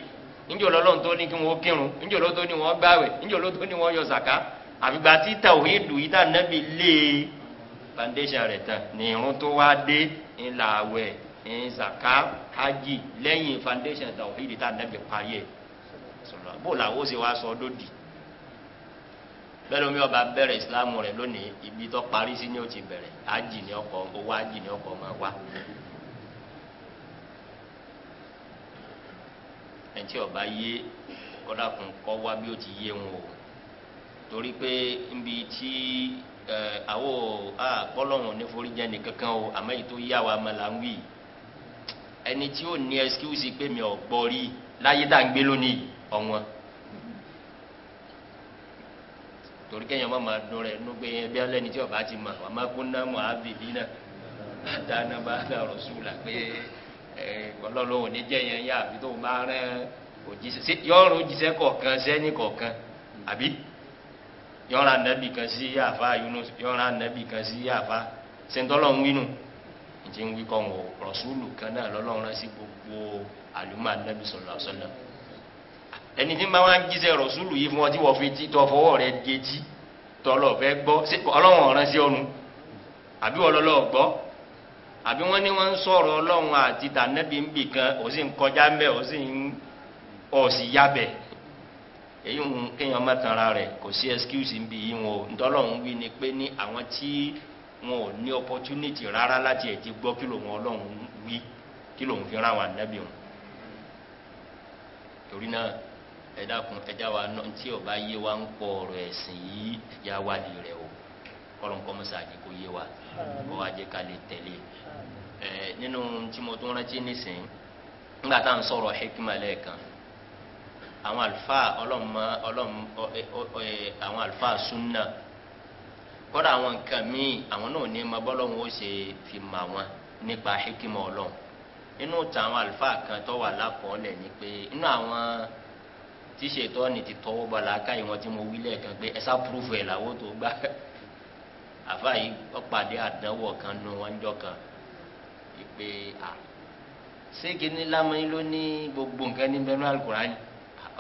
níjọ́ lọ́lọ́run tó ní kí wọ́n kírun níjọ́ ló tó ní wọ́n gbàwẹ̀ níjọ́ ló tó ní wọ́n yọ zàká àfìgbà tí tàwíìdù yìí tànàbí lé foundation rẹ̀ tán ní irun tó wá dé ńlá àwẹ̀ ńzàká hajj lẹ́yìn foundation tàwíìdù tànàbí parí ẹ̀ sọ̀rọ̀ bó làwọn ó sì wá sọ lódì bẹ́ẹ̀ lómi ọba bẹ̀rẹ̀ ìsìlámù rẹ̀ lónìí ibi tó parí sí ni ó ti bẹ̀rẹ̀ hajj ni ọkọ̀ owó hajj ni ọkọ̀ máa wá ẹnití ọba yé kọ́dà kún kọ́ wá bí ó ti yé wọn o torí pé níbi tí ẹ àwọ àpọ́lọ́hún oníforíjẹ nìkankan o àmọ́ èyí tó yá wa mọ́ la ń wí ẹni tí ó ní ẹsikúùsì pé mi ò gbọ́ rí láyé tá à ń gbé lónìí ọ̀wọ́n torí kẹ́yìn ọmọ máa dùn rẹ̀ nú pé ẹbí ọlẹ́ni tí ọba ti mọ̀ wàá má kún náà mọ̀ náà bá pé ọlọ́run ò ní jẹ́ yẹn ya abi tó máa rẹ́ òjíṣẹ́ yọ̀ọ̀rọ̀ òjíṣẹ́ kọ̀ọ̀kan sẹ́ni kọ̀ọ̀kan àbí yọ̀ọ̀rọ̀ ànábì kan sí àfa Yunus yọ̀ọ̀rọ̀ ànábì kan sí àfa sentọlọn winu ntí wí kọn o rọsúlù kan náà lọ́lọ́run rán sí gbogbo àlùmọ anabi sọlọ sọlọ ẹni tí máa wá jíṣẹ́ rọsúlù yìí fún ọ tí wọ́n fi ti tọ́ fọwọ́ rẹ̀ géjì tọ́lọ̀ fẹ́ gbọ́ ọlọ́wọ̀n rán sí ọnu àbí wọ́n lọ́lọ́ àbí wọ́n ní wọ́n ń sọ̀rọ̀ ọlọ́run àti dànẹ́bí ń bì kan ò sì ń kọjá ń bẹ̀ ò sì ń ọ̀ sì èyí ń kéèyàn mọ́tara rẹ̀ kò sí excuse ń bi wọn o ntọ́lọ́run wí ni pé ní àwọn tí wọn ní opportunity rárá láti ẹ̀ gbọ́ kí wí kí fi ráwọn wọn torí náà kọlọ́n kọ́mọ́sá àjẹ́ k'o ye wa kọ́ àjẹ́ ká lè tẹ̀lé nínú tí mo tún rántí nísìnyí nígbà tá à ń sọ̀rọ̀ hekima àwọn àlùfáà ọlọ́mọ ọlọ́mọ àwọn alifa sunna kọrọ àwọn nǹkan àwọn náà ní ma fi wọn nípa hekima wà ni pé inú àwọn wọn mo wí (laughs) àfàyè ọ̀pàdé àdánwò kan nu wọn jọ kan ìpè à ségi ní lámọ́yìn ló ní gbogbo nǹkan ní bẹ́ẹ̀ ní alukurani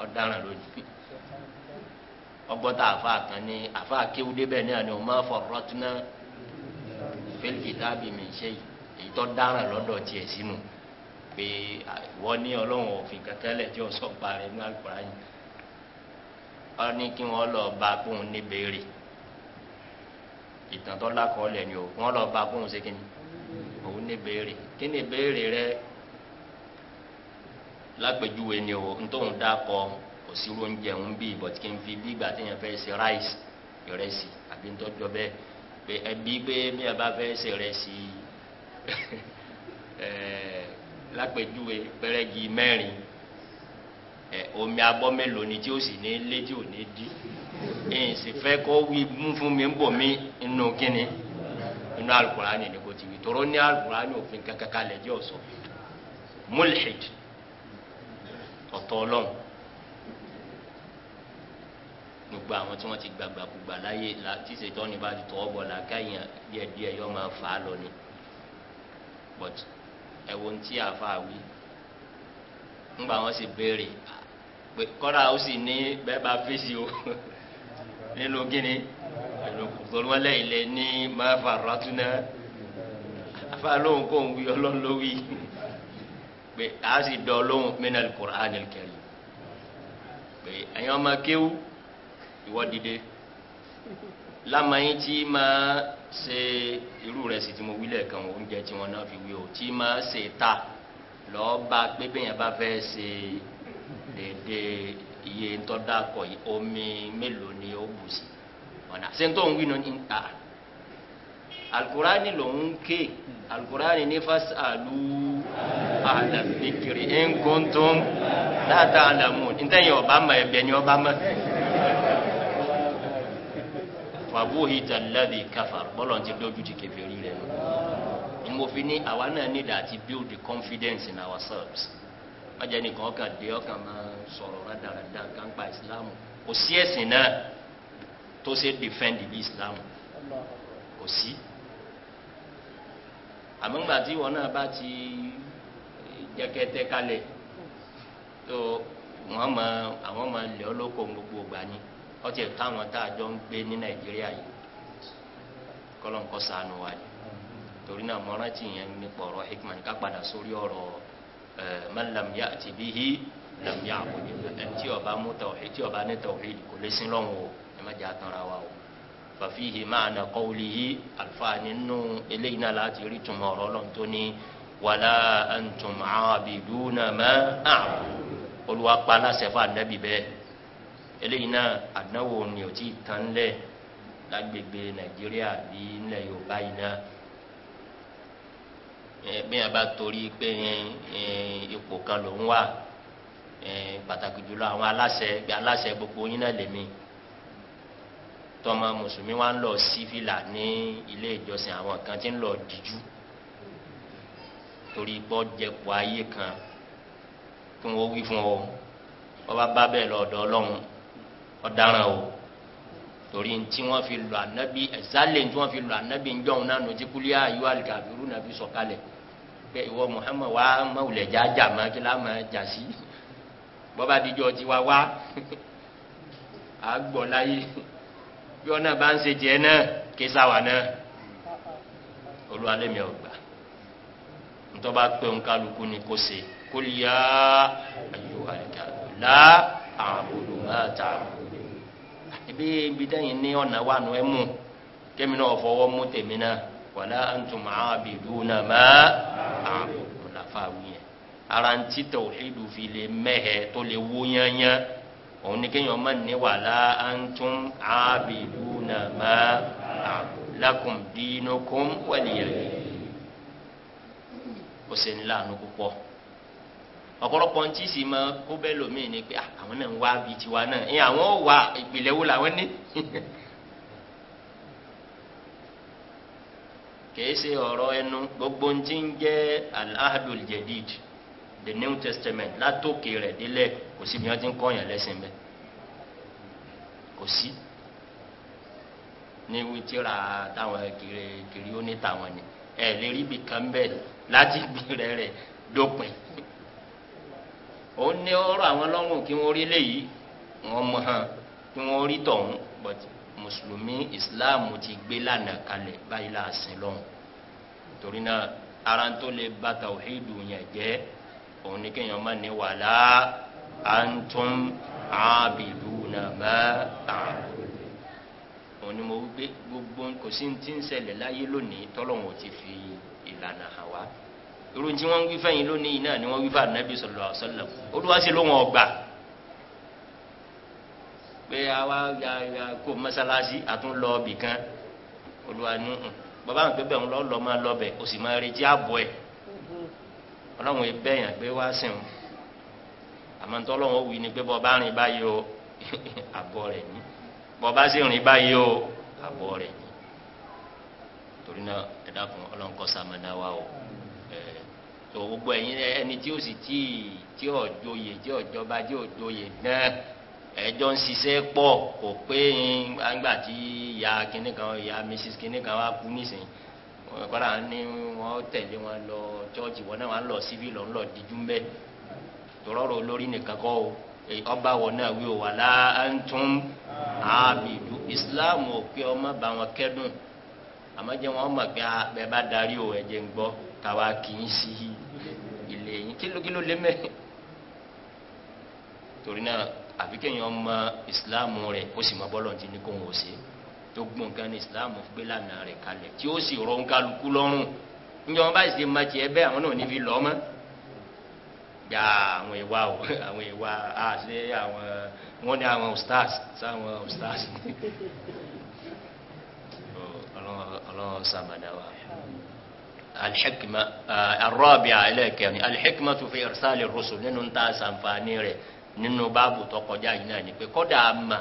ọ̀daràn lónìí ọgbọ́ta àfa kan ní àfa kéwúdé bẹ́ẹ̀ ní àná ọmọ afọ̀rọ̀túná fẹ́lìkìtà bìmí ṣe èyí tó dáràn lọ́dọ̀ tiẹ̀ sínú pé wọ́n ní ọlọ́run òfin kẹtẹ́lẹ̀ tí ó sọ parẹ́ ní alukurani ọ ní kí wọ́n lọ bá a kóun ní béèrè ìtàn tó lákọọ́lẹ̀ ni o wọ́n lọ bá kóhùn sí kíni òun ní béèrè kíni béèrè rẹ lápèjúwe ni o ntòun dákọ òsirò oúnjẹ òun bí but kí n fi bí ìgbà téèyàn fẹ́ ṣe ráìsì ìrẹsì àbí ntọ́jọ bẹ́ẹ̀ pé ẹbí pé bí a bá fẹ́ ṣe ìrẹsì (laughs) eh, lápèjúwe pẹrẹgì mẹ́rin eh, omi abọ́ mélòó ni tí ó sì ní lé tí ò ní dí ẹ̀yìn kọ́ wí fún mi ń bọ̀ mí inú kíni inú alukurani ni kò ti wí tọrọ ní alukurani òfin kankan kalẹ̀ jẹ́ ọ̀sọ́ mulhid ọ̀tọ̀ ọlọ́run gbogbo àwọn tí wọ́n ti gbàgbà gbogbo àláyé tí ṣètọ́ ni bá tọ́ bọ̀ làákàyàn díẹ̀díẹ̀ yọ máa fà á lọ ni but ẹ̀wọ̀n tí àfa wí ńgbà wọn sì béèrè pé kọ́ra ó sì ní bẹ́ẹ̀ bá fèsì o. (laughs) nílò gíní nílò kòtòrò wọn lẹ́yìn lẹ ní máa fa ratuna afa lóhùn kó ń wí ọlọ́run ló wí pé a sì dọ̀ lóhùn minal Qur'anil Karim pé ẹ̀yin ọmọ kéwú ìwọ dìde lámàyín tí máa ṣe irú rẹ̀ sì ti mo wí lẹ́ẹ̀kan oúnjẹ tí wọn náà fi wí o tí máa ṣe ta lọ́ọ́ bá pé bẹ́ẹ̀ yẹn bá fẹ́ ṣe déédéé iye ntọ́dá kọ̀ omi mélòó ni ó bù sí ọ̀nà ṣé ń wí ní ta alukurani ló ń ké alukurani ní fasalu alamikiri nkontom láta alamu ntẹ̀yìn ọba ma ẹ̀bẹ̀ ni ọba ma wàbúhì tàlẹ́bì káfà bọ́lọ̀ ti dójú ti kẹfẹ́ rí rẹ̀ ni mo fi ní àwa náà nílò àti build the confidence in ourselves ọjà nìkan ọkàn dé ọkàn máa sọ̀rọ̀ rádaràda kan islam kò sí ẹ̀sìn náà tó ṣe defend bí islam kò sí àmọ́ ńgbà tí wọn náà bá ti jẹ́kẹ́tẹ́ kalẹ̀ tó wọn mọ àwọn ọmọ ilẹ̀ olóko gbogbo ìgbà ni wọ́n ti káwọn tá a jọ ń gbé ní nàìjíríà yìí kọ́lọ́nkọ́ sànù wa ni torí náà mọ́rántì yẹn nípa ọ̀rọ̀ hikman ká padà sórí ọ̀rọ̀ man lam ya'ti bihi lam ya'bud ẹni tí ó bá mú tawhid tí ó bá ní tawhid kò lè sin lọ́wọ́ o ẹ má jẹ́ àtàrà wa o fàfihì ma'na qawlihi àlùfáàní nínú eléyìí náà láti rí tùmọ̀ ọ̀rọ̀ lọ́n tó ní wala antum aabiduna ma a'bud olùwà pa aláṣẹ fún anabi bẹ́ẹ̀ eléyìí náà àdánwò ni ò tí ì tán lẹ̀ lágbègbè nàìjíríà bíi ilẹ̀ yorùbá yìí Eh, bí yẹn bá torí pé eh, ipò kan ló ń wà eh, pàtàkì jùlọ àwọn aláṣẹ aláṣẹ gbogbo yín náà lèmi tọmọ mùsùlùmí wa ń lọ sífìlà ní ilé ìjọsìn àwọn kan tí ń lọ díjú torí gbọ́ ayé kan kí wọ́n wí fún ọ ọba bá bẹ́ẹ̀ lọ́dọ̀ ọlọ́run ọ̀daràn o torí ntí wọ́n fi lọ anabi ẹ̀zálẹ̀ ntí wọ́n fi lọ anabi njọ́hún náà nù tíkúlíà yóò alikabiru nàbí sọ̀kalẹ̀ pé ìwọ muhammed wa mawulẹ̀ já jà má kí lá má jà sí bọ́ba díjọ́ ti wá wá àgbọ̀ láyé náà bá ń ṣe tiẹ̀ náà kí sáwà náà olúwalẹ́mi ọ̀gbà ntọ́ba pé nkálukú ni kò ṣe kó lè yá ayé wa la àbòlò máa ibi ibi dẹ́yìn ní ọ̀nà wà nù ẹ́ mú kémi náà fọwọ́ mú tèmi náà wàlá antum abiduna ma àbùkù làfà wíyẹn ara ń tí tawhidu fi lè mẹ́hẹ̀ tó lè wó yányán òun ni kéèyàn má ní wàlá antum abiduna ma àbùkù lakum dinukum waliya ó ṣe ní láàánú púpọ̀ ọ̀pọ̀lọpọ̀ ntí sì máa kó bẹ́ẹ̀ lómi ni pé ah, àwọn náà ń wá bíi tiwa náà ẹ àwọn ò wá ìpìlẹ̀ wo làwọn ní. (laughs) kìí ṣe ọ̀rọ̀ ẹnu gbogbo ntí ń jẹ́ al jadid the new testament látòkè rẹ̀ délẹ̀ kò sí bí wọ́n ti ń kọ́yàn lẹ́sìn bẹ́ẹ̀ kò sí ní wítírà táwọn kiri kiri ó ní tàwọn ni ẹ lè rí ibì bẹ́ẹ̀ láti gbìrẹ́ rẹ̀ dópin òun ní ọ̀rọ̀ àwọn lọ́rùn kí wọ́n rí léyìí wọ́n mọ̀ hàn kí wọ́n rí tọ̀hún but mùsùlùmí islam ti gbé lànà kalẹ̀ báyìí láàsìn lọ́hùn torí náà ara tó lè ba tàwíìdù yẹn jẹ́ òun ní kéèyàn má ní wàhálà antum abidu na ma àbùdù òun ni mo gbé gbogbo kò sí ti ń ṣẹlẹ̀ láyé lónìí tọ́lọ́hún ti fi ìlànà hàn irú tí wọ́n ń wí fẹ́yìn lónìí náà ni wọ́n wí fà nàbí sọ̀rọ̀ àṣọlẹ̀ olúwa sì ló wọn ọgbà pé àwa kó mọ́sálásí àtún lọ ọbì kan olúwa ní hùn bàbá àwọn pépè ń lọ lọ máa lọ bẹ̀ o sì máa retí ààbọ̀ ẹ̀ ọlọ́run ìbẹ̀yàn pé wá sìn wọn àmọ́ ntọ́lọ́wọ́ wí ni pé bọ́ba rìn báyìí o (laughs) àbọ̀ rẹ̀ ni bọ́ba sì rìn báyìí o àbọ̀ rẹ̀ ni torí náà ẹ̀dá kan ọlọ́run kọ́ sàmẹ́dá wa o. tó gbogbo ẹ̀yin ẹni tí ó sì tí tí ò tí ò jọba tí ò joyè náà ẹjọ́ ń ṣiṣẹ́ pọ̀ kò pé àgbà tí ìyá kinní kan ìyá mrs kinní kan wá kú nísìnyí wọn kọ́ra ní wọn tẹ̀lé wọn lọ chọ́ọ̀chì wọn náà lọ síbí lọ díjú mbẹ́ olórí nìkan kọ́ ọba wọn wà lá àbìdú islam ọmọ bá wọn kẹ́dùn wọn mọ̀ pé bá darí o ẹ̀jẹ̀ ń gbọ́ sí kílókíló lé mẹ́ torí náà àfi kéèyàn mọ ìsìláàmù rẹ̀ ó sì mọ bọ́lọ̀ tí ní kó ń wò sí tó gbọ́n kan ní ìsìláàmù gbé lànà rẹ̀ kalẹ̀ tí ó sì rọ nkálukú lọ́rùn ǹjọ́ wọn bá sì máa tiẹ̀ bẹ́ẹ̀ àwọn náà níbi lọ́ mọ́ ya àwọn ìwà o àwọn ìwà a ṣe àwọn wọn ní àwọn stars sáwọn stars (laughs) ọlọ́run sàmàdà wa alḥikma arọ́bìà ẹlẹ́kẹrin alḥikma tó fi ẹ̀rọ̀sálẹ̀ rọ́sùn nínú ta sànfàní rẹ̀ nínú báàbù tó kọjá yìí náà ni pé kọ́dà àmà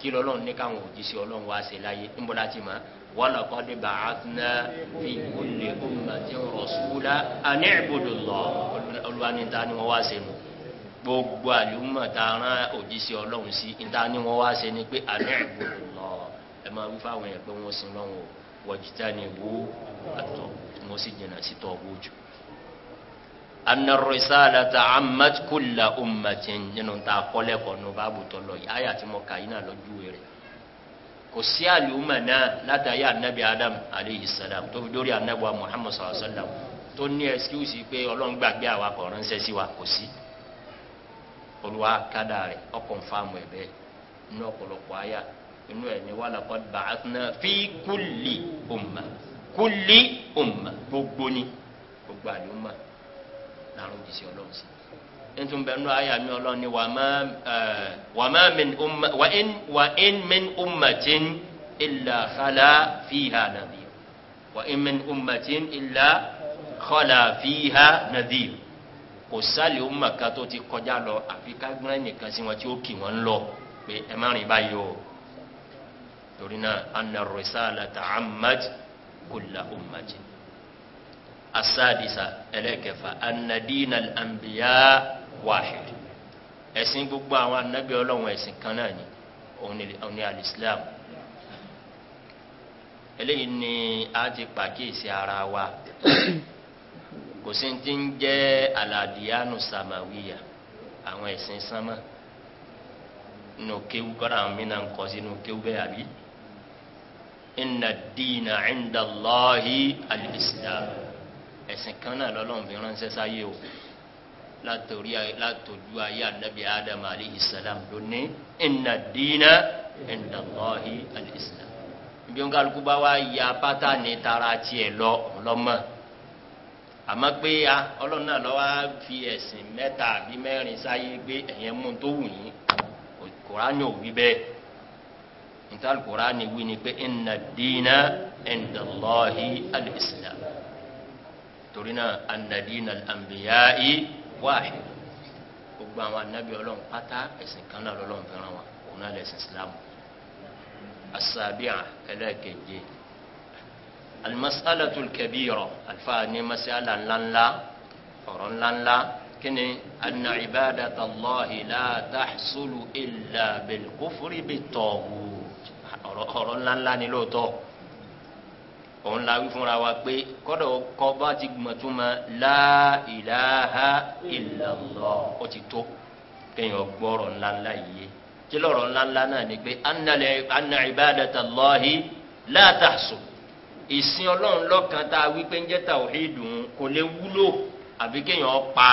kí lọ́lọ́run ní káwọn òjíṣẹ́ ọlọ́run wá sí láyé ń bọ́lá ti mọ̀ wọ́lọ̀ kọ́ dé bá a ná fi kúlẹ̀ ọmọ tí ń rọ̀ṣúlá àní ìbòdò lọ olúwa ní ta ni wọ́n wá sí nu gbogbo àlùmọ̀ ta rán òjíṣẹ́ ọlọ́run sí ta ni wọ́n wá sí ni pé àní ìbòdò lọ ẹ máa wí fáwọn yẹn pé wọ́n sin lọ́wọ́ wọ̀jítà ni wó àtọ̀ mo sì jìnnà sí tọ́wọ́ jù. أن الرسالة عمت كل أمة nínú ta kọ́lẹ̀ kọ́nu báàbù tó lọ yìí àyà tí mo kà yín náà lójú rẹ̀ kò sí àlùmọ̀ náà látàrí anabi adam aleyhi salam tó fi dórí anabi wa muhammad sallallahu alayhi wa sallam tó ní ẹsikúùsì pé ọlọ́run gbàgbé àwa kò ránṣẹ́ sí wa kò sí olùwà kádà rẹ̀ ọkàn fáàmù ẹ̀ inú ọ̀pọ̀lọpọ̀ àyà inú ẹ̀ ní wàlàkọ́ bàtúnà fi kulli kulli umma gbogbo ni gbogbo àlùmọ làrùn jìsì Ọlọ́run sí nítorí bẹ́ẹ̀ nù ayà mi Ọlọ́run ni wa ma min umma wa in wa in min ummatin illa khala fiha nadhir wa in min ummatin illa khala fiha nadhir kò sálẹ̀ umma kan tó ti kọjá lọ àfi ká gbọ́n nìkan sí wọn tí ó kì wọ́n ń lọ pé ẹ má rìn báyìí o torí náà anna risalata ammat kulla ummati asadisa ẹlẹ́kẹfà anadina anbiya wahid ẹ̀sìn gbogbo àwọn anabi ọlọ́run ẹ̀sìn kan náà ni òun ni alislam eléyìí ni a ti pàkíyèsí ara wa kò sí ti ń jẹ́ aladiyanu samawiya àwọn ẹ̀sìn sánmà nù kéwú kọ́ra àwọn mìíràn kọ́ sínú kéwú bẹ́ẹ̀ àbí inna diina inda allahi al-islam ẹ̀sìn kan náà lọ́lọ́run fi ránṣẹ́ sáyé o látòrí látòjú ayé anabi adam alayhi salam lónìí inna diina inda allahi al-islam ibi wọn kálukú bá wá ya pátá ní tara tiẹ̀ lọ ọlọ́mọ àmọ́ pé a ọlọ́run náà lọ́wọ́ fi ẹ̀sìn mẹ́ta àbí mẹ́rin sáyé pé ẹ̀yẹn mú tó wù yín kòránì ò wí bẹ́ẹ̀. nítorí alukurani wí ni pé inna dina inda Allahi al-Islam torí náà anna dina al-anbiya'i wahid gbogbo àwọn anabi Ọlọ́run pátá ẹ̀sìn kan náà lọ́lọ́run fẹ́ràn wa òun náà lẹ̀sìn Islam asabi'a ẹlẹ́ẹ̀keje alimasalatu kabira alifa ni masala ńláńlá ọ̀rọ̀ ńláńlá kini anna ibadata Allahi la tahsulu illa bilkufri bitọọhu ọ̀rọ̀ ńláńlá ni lóòótọ́ òun la wí fúnra wa pé kọ́dọ̀ kọ́ bá ti gbọ̀ntúmọ̀ la ilaha illallah ó ti tó kéèyàn gbọ́rọ̀ ńláńlá yìí kí lọ́rọ̀ ńláńlá náà ni pé anna ibadata Allahi la tahsu ìsìn ọlọ́run lọ́kan tá a wí pé ń jẹ́ tawhidun kò lè wúlò àbí kéèyàn pa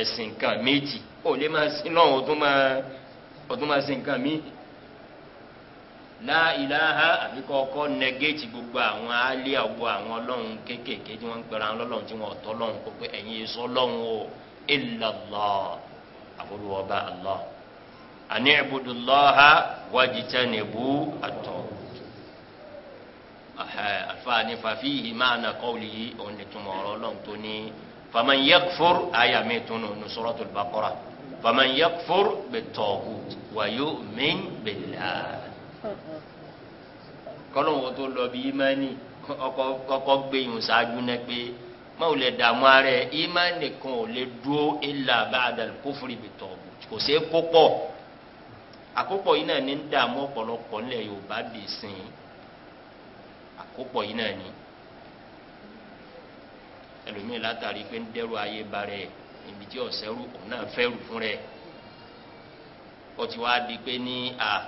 ẹ̀sìn kan méjì ó lè máa sin lọ́run ó tún máa sin nǹkan méjì láìláha àbí kọ́kọ́ nẹgẹ́tì gbogbo àwọn alẹ́ ọ̀gbọ́ àwọn ọlọ́run kéékèèké tí wọ́n ń pera àwọn ọlọ́run tí wọ́n tọ́ lọ́run kó pé ẹ̀yin èso ọlọ́run o ilàlọ́ àbúrúwọ́ba allah àní ibùdókòlọ́ha wájìtẹ́nìbù àtọ̀ àfààní fàfíhì máa nà kọ́ọ̀lì yìí òun ni túmọ̀ ọ̀rọ̀ ọlọ́run tó ní faman yakfur aya mi tunu nusuratul baqara faman yakfur bitawut wa yu'min billah kọ́lọ́hún tó lọ bí ìmánì kọ́kọ́ gbé yùn ṣáájú náà pé máa lè dààmú ara ẹ ìmánì kan ò lè dúró ilà ba'da al-kufri bit-taghut kò sí kópọ̀ àkópọ̀ yìí náà ní ń dààmú ọ̀pọ̀lọpọ̀ nílẹ̀ Yorùbá bì sìn àkópọ̀ yìí náà ní ẹlòmíràn látàrí pé ń dẹ́rù ayé ba rẹ̀ ibi tí ọ̀sẹ̀ rú òun náà fẹ́ rù fún rẹ̀ ó ti di pé ní a. Ah,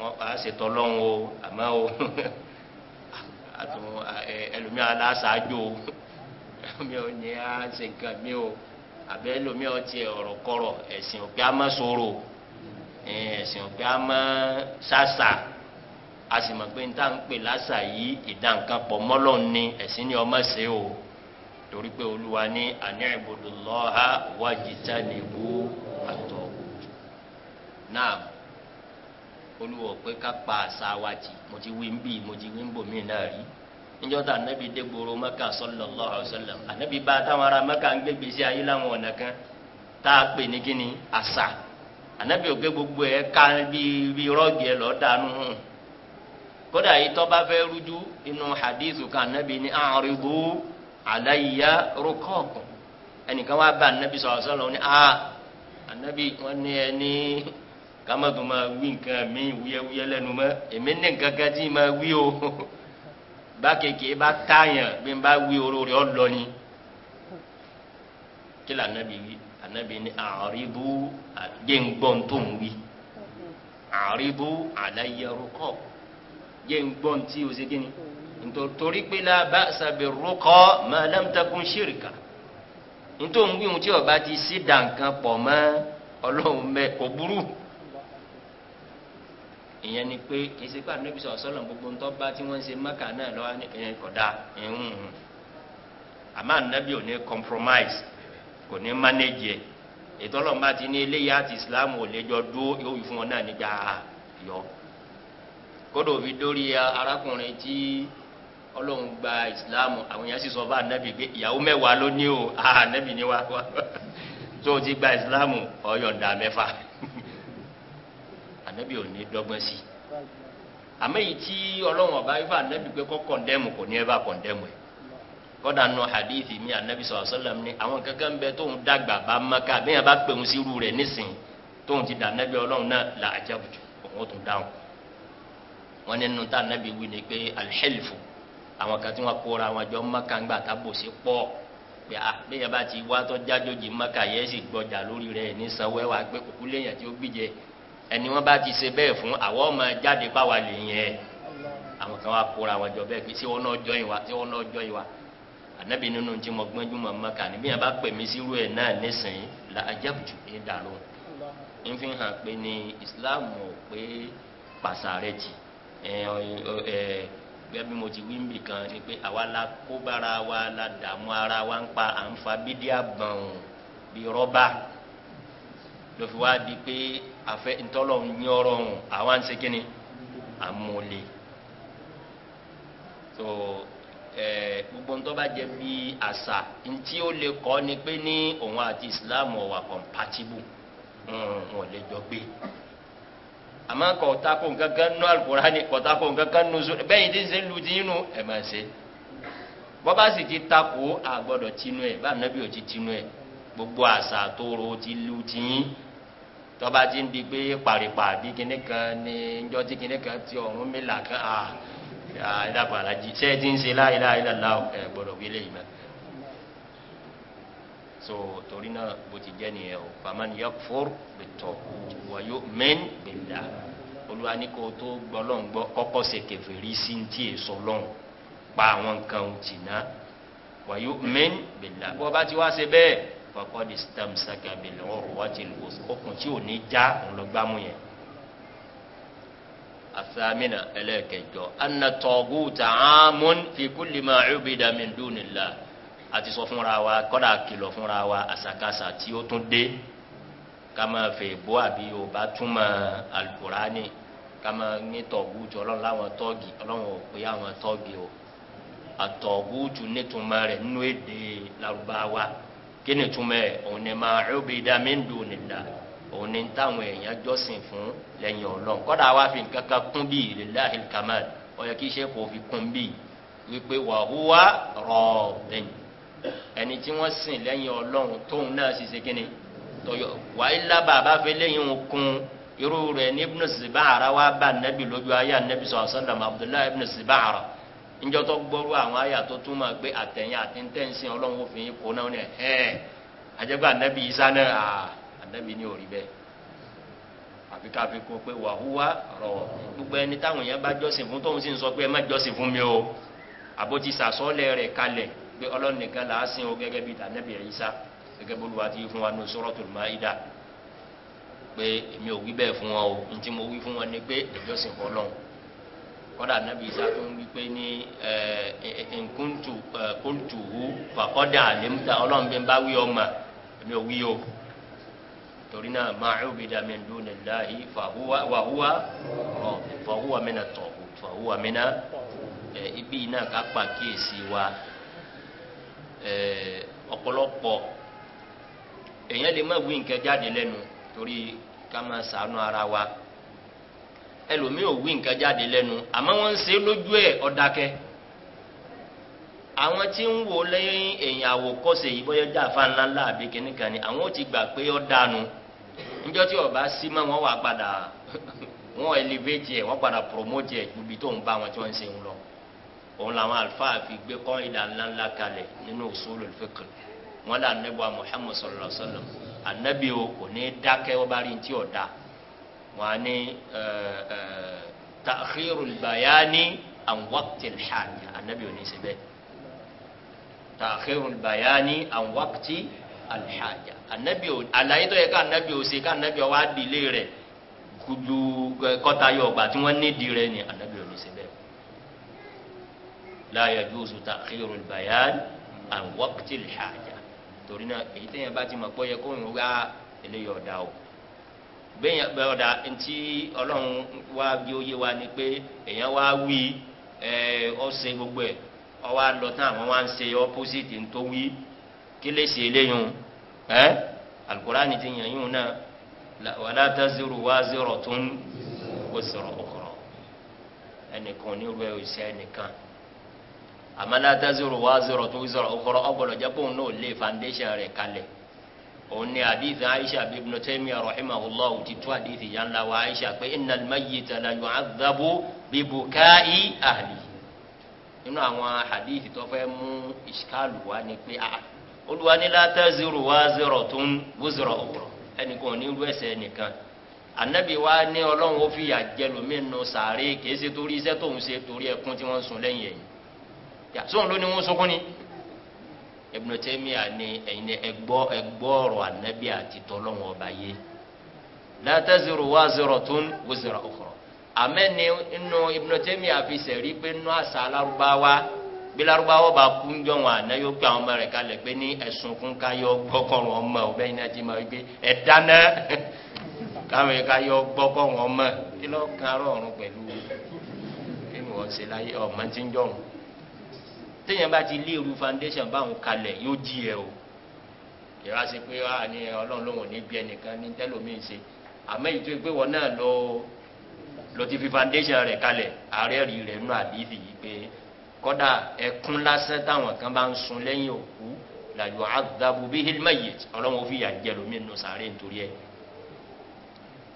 wọn a á ṣètò o àmọ́ o (laughs) ẹlòmíà aláṣáájú o ẹlòmíà ò ní ṣe nǹkan mi o ti ọ̀rọ̀ kọ̀rọ̀ ẹ̀sìn òkè ẹ̀sìn òkè a sì mọ̀ pé níta ń pè yìí ìdá nǹkan pọ̀ ni ẹ̀sìn ni ọmọ o torí pé olúwa ní àní ìbòdò lọ́ha wájìtá nìbú àtọ̀ olùwọ pé ká pa àṣà wa jì mo ti wí ń bì mo ti wí ń bò mí náà rí níjọ́ tá anabi dé gbòòrò mẹ́kà sallallahu alaihi wasallam anabi bá táwọn ará mẹ́kà ń gbé gbèsè ayé láwọn ọ̀nà kan tá a pè ní kíni àṣà anabi ò gbé gbogbo ẹ̀ ká bí rọ́ọ̀gì ẹ̀ lọ́ọ́ dànù hàn kódà yìí tọ́ bá fẹ́ rújú inú hadithu kan anabi ní àrídù aláyà rúkọ̀ọ̀kùn ẹnìkan wá bá anabi sallallahu alaihi a anabi wọn ní ah, kámẹ́tò máa wí nǹkan mi wúyẹ́wúyẹ́ lẹ́nu mọ́ èmi ní nǹkan kan tí máa wí o bá kéèké bá táyàn bí n bá wí olórí ọ̀lọ́ ni kí lè anabi wí anabi ní àríbú àjẹngbọ́n tó ń wí àríbú àdáyẹrúkọ jẹngbọ́n tí o ṣe kí ni nítorí pé la bá sàbẹ̀ rúkọ máa lámtakùn ṣìrìkà nítorí wíwọ́n tí ọba ti sí dànkan pọ̀ mọ́ ọlọ́run mẹ́ kò burú. ìyẹn ni pé kì í ṣe pé ànábì sọ ọsọlọ gbogbo ń tọ́ba tí wọ́n ń ṣe mẹ́kà náà lọ́wọ́ ní ìyẹn kọ̀dá ìhùn àmọ́ ànábì ò ní compromise kò ní manage ẹ̀ ètò ti ní eléyà àti islam ò dúró yóò wí fún wọn nígbà yọ kódò dórí arákùnrin tí ọlọ́run gba islam àwọn èèyàn sì sọ ànábì pé ìyàwó mẹ́wàá ló ní o (laughs) ànábì o ti gba islam mẹ́fà (laughs) anabi ò ní dọ́gbọ́n sí i àmọ́ èyí tí ọlọ́run ọba ifá anabi pé kọ́ kọ̀ndẹ́mù kò ní ẹ bá kọ̀ndẹ́mù ẹ̀ kọ́dà nù hadithi mi anabi sọ̀rọ̀ sọ́lá mi ní àwọn kankan bẹ tóun dàgbà bá maka bí yẹn bá pè ń sírú rẹ̀ nísìn tóun ti dà anabi ọlọ́run náà là àjẹbùtù òun tún dáhùn wọn nínú tá anabi wí ni pé alihẹ́lifù àwọn kan tí wọ́n kóra wọn jọ maka ńgbà tábòsí pọ̀ pé a bí bá ti wá tó jájòjì maka yẹn sì gbọjà lórí rẹ̀ ní sanwó ẹ̀ wá pé kòkúlẹ̀ yẹn ó gbìjẹ́ ẹni wọn bá ti ṣe bẹ́ẹ̀ fún àwọn ọmọ jáde báwa lè yẹn àwọn kan wá kóra wọn jọ bẹ́ẹ̀ pé ṣé wọn náà ìwà ṣé wọn náà ìwà ànábì nínú tí mo gbọ́njú mọ̀ mọ́ kà ní bí bá pè mí sírú ẹ̀ náà nísìnyí la ajẹ́bùtù ní dàrú ń fi hàn pé ní Islam ò pé pàṣàrẹ̀ jì ẹ ẹ gẹ́gẹ́ bí mo ti wí nbì kan ni pé àwa la kó bára wa la dààmú ara wa ń pa à ń fa bídíà bọ̀n bí rọ́bà ló wá di pé afẹ́ ntọ́lọ̀ nyọ́rọ̀ ọ̀hún ṣe kínní amúlé tó ẹ gbogbo ntọ́ bá jẹ bí àṣà tí ó lè kọ́ ni pé ní òun àti Islam ọ̀wà compatible wọn ò lè jọ gbé àmọ́ kọ̀ọ̀tàkùn nǹkan kan nú Al-Qur'ani nú bẹ́ẹ̀ yìí ti ń ṣe lu ti ẹ̀ máa ṣe sì ti gbogbo àṣà tó ro lu ti yín. tọba ti ń di pé pàrìpà bí kinní kan ní njọ tí kinní kan ti ọ̀run mélà kan à ìdàpọ̀ alájí ṣé ti ń ṣe láìláìlá ẹ̀ gbọ́dọ̀ wílé yìí mọ́ so torí náà bó ti jẹ́ nìyẹn o faman yakfur bitọ̀kù wàyó mẹ́n gbẹ̀dá olúwa ní kó tó gbọ́ lọ́n gbọ́ kọ́kọ́ ṣe kẹfìrí sí ní tí èso lọ́n pa àwọn nǹkan òtì náà wàyó mẹ́n gbẹ̀dá bó bá ti wá ṣe bẹ́ẹ̀ fakọ́dì stamsaka bìlẹ̀ ọ̀rọ̀ wá ti lò okùn tí ò ní já òun lọ gbámú yẹn. àfẹ́àmìnà ẹlẹ́ẹ̀kẹjọ anatọ́gù tààmùn fìkúlì máa ẹ̀rọ̀bìdà mi dùnìlá àti sọ fúnra wa kọ́dà kìlọ̀ fúnra wa àsàkàsà tí ó tún dé kama fè bó àbí yorùbá túmọ̀ alukurani kama ní tọ́gù tí ọlọ́run láwọn tọ́gì ọlọ́run ò pé àwọn tọ́gì o àtọ̀gù tún nítumọ̀ rẹ̀ nínú èdè larubawa kíni túmẹ̀ òun ni ma ubida min dunillah òun ni táwọn èèyàn jọ́sìn fún lẹ́yìn ọlọ́run kọ́dà wá fi nǹkan kan kún bíi lillahil kamal ó yẹ kí iṣẹ́ kò fi kún bíi wípé wa huwa rabbin ẹni tí wọ́n sìn lẹ́yìn ọlọ́run tóun náà sì ṣe kíni tọyọ wàá ilá bàbá fi lẹ́yìn òkun irú rẹ̀ ní ibn Zib'ara wá bá nàbì lójú ayé ànàbì sallallahu alaihi wasallam Abdullahi ibn Zib'ara njọtọ gbọru àwọn àyà tó túmọ̀ pé àtẹ̀yìn àti ntẹ̀sìn ọlọ́run òfin kò náà ní ẹ̀ àjẹgbẹ́ ànábì isa náà à ànábì ní òrí bẹ́ẹ̀ àfi káfi kó pé wàhúwá rọ̀ gbogbo ẹni táwọn yẹn bá jọ́sìn fún tóun sì ń sọ pé ẹ má jọ́sìn fún mi o àbótí sàsọ́lẹ̀ rẹ̀ kalẹ̀ pé ọlọ́run nìkan là á sìn o gẹ́gẹ́ bíi tànábì isa gẹ́gẹ́ bó luwa ti fún wa ní Suratul Maida pé èmi ò wí bẹ́ẹ̀ fún wọn o ntí mo wí fún wọn ni pé ẹ fún ọlọ́run kọ́dà nàbí isa tó ń wípé ní nkuntu kultuhu fàkọ́dà lèmta ọlọ́run bí n bá wí ọmọ mi ò wí o torí náà máa ń bí dàmí ndú níláhi fàhúwa fàhúwa mẹ́nà tọ̀hù fàhúwa mẹ́nà ibi náà ká pa kíyèsí wa ọ̀pọ̀lọpọ̀ èèyàn lè má wí nǹkan jáde lẹ́nu torí ká máa sàánú ara wa. ẹlòmíì ò wí nǹkan jáde lẹ́nu àmọ́ wọ́n ń ṣe lójú ẹ̀ ọ̀dàkẹ́ àwọn tí ń wò lẹ́yìn èyàn àwòkọ́ṣe yìí bọ́yọ́ jà fa ńlá kìnnìkan ni àwọn ò ti gbà pé dànù níjọ́ tí ọba sí mọ́ wọn wà padà (laughs) wọn elevate ẹ̀ wọ́n padà promote ẹ̀ tó ń bá wọn tí wọ́n ń ń lọ òun fi gbé kọ́ ńlá ńlá kalẹ̀ nínú wọn á ní ta'khiru bayani an waqti al-haja anabi ò ní ṣe bẹ́ẹ̀ ta'khiru bayani an waqti al-haja anabi ò àlàyé tó yẹ ká anabi ò ṣe ká anabi ò wá di ilé rẹ̀ kudu kọta yọ ọgbà tí wọn nídìí rẹ̀ ni anabi ò ní ṣe la yajuzu ta'khiru bayan an waqti haja torí náà èyí tẹ́yìn ti mọ̀ pé ó yẹ kó ń wá eléyìí o. bẹ́ẹ̀ bẹ́ẹ̀ ọ̀dà ntí ọlọ́run wá bí oyé wa ni pé èèyàn wá wí ọ̀sẹ̀ gbogbo ẹ̀ ọwọ́ àlọ́ tán àwọn wá ń ṣe opposite ń tó wí kí lè ṣe eléyìí ẹ́ alukurani ti yàn yín náà wàlá taziru wá zero tó ń sọ̀rọ̀ ọ̀kọ̀rọ̀ foundation rẹ̀ kalẹ̀ òun ni àdìsí aisha ibn Taymiyyah rahimahullah ti tú àdìsí yà ńlá wa aisha pé innal mayyita la yu'adhabu bibukai ahli nínú àwọn àdìsí tó fẹ́ mú ìṣkálù wa ni pé a olùwà ni la taziru waziratun wizra ukhra ẹnì kan ò ní rú ẹ̀ṣẹ̀ nìkan anabi wa ní ọlọ́run ó fi àjẹlómi nù sàárè kìí torí iṣẹ́ tóun ṣe torí ẹkún tí wọ́n ń lẹ́yìn ẹ̀yìn yà ló ní wọ́n sunkún ni Ibn Taymiyyah ni ẹ̀yin ẹgbọ́ ẹgbọ́ ọ̀rọ̀ ànábì àti tọ́lọ́wọ́n ọba yé la taziru waziratun wizra ukhra àmẹ́ni inú Ibn Taymiyyah fi sẹ̀rí pé inú àṣà alárúbáwá bí lárúbáwá bá kú ń jọ wọn àná yóò pé àwọn ọmọ rẹ̀ kalẹ̀ pé ní ẹ̀sùn fún káyọ gbọ́kọ̀rọ̀ ọmọ ọbẹ̀ iná ti máa gbé ẹ̀dáná káwọn káyọ gbọ́kọ̀rọ̀ ọmọ kí lọ́ọ́ kan arọ́ ọ̀run pẹ̀lú kí ni wọ́n ọmọ ti ń jọ̀rùn téèyàn bá ti lé irú foundation báwọn kalẹ̀ yóò jí ẹ o ìyá ṣe pé wà ah, ní ọlọ́run lóhùn ní bí ẹnìkan ní tẹ́lómi ṣe àmọ́ èyí tó yẹ pé wọn náà lọ lọ ti fi foundation rẹ̀ kalẹ̀ ààrẹ rí rẹ̀ nù àdìsí yìí pé kọ́dà ẹkún lásán táwọn kan bá ń sun lẹ́yìn òkú làyò àdàbò bí hílmẹ́yì ọlọ́run ó fi yà jẹ lómi nù sàárè nítorí ẹ̀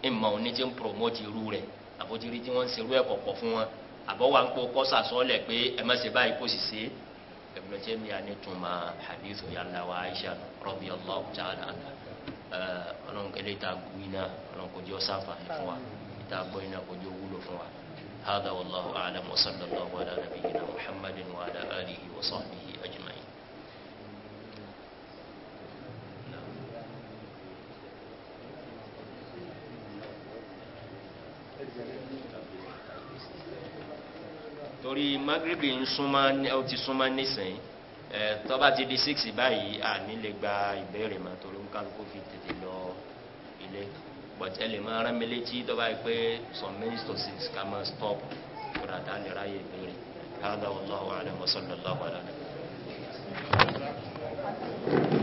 ìmọ̀ òní ti ń promote irú rẹ̀ àbójúrí tí wọ́n ń ṣerú ẹ̀ kọ̀ọ̀kọ̀ fún wọn àbọ̀wá ń kó kọ́sà sọ́lẹ̀ pé ẹ má ṣe báyìí kó sì ṣe Ibn Taymiyyah ní tuma hadithu yàrá wa Aisha radiyallahu ta'ala anha ọlọ́run kẹlẹ́ ta gbó ọlọ́run kò jẹ́ ọ fún wa ta gbó kò jẹ́ wúlò fún wa. هذا والله أعلم وصلى الله على نبينا محمد وعلى آله وصحبه torí magrebi ń súnmọ́ ó ti súnmọ́ nísìnyí ẹ tọ́ba ti di six báyìí àní lè gba ìbéèrè mọ́ torí kálukú fi tètè lọ ilé but ẹ lè máa rán mi létí tọ́ba yìí pé some minutes ká máa stop kó dàda lè ráyè ìbéèrè hádà wàlláhu alẹ́ wa sallallahu alaihi wa sallam.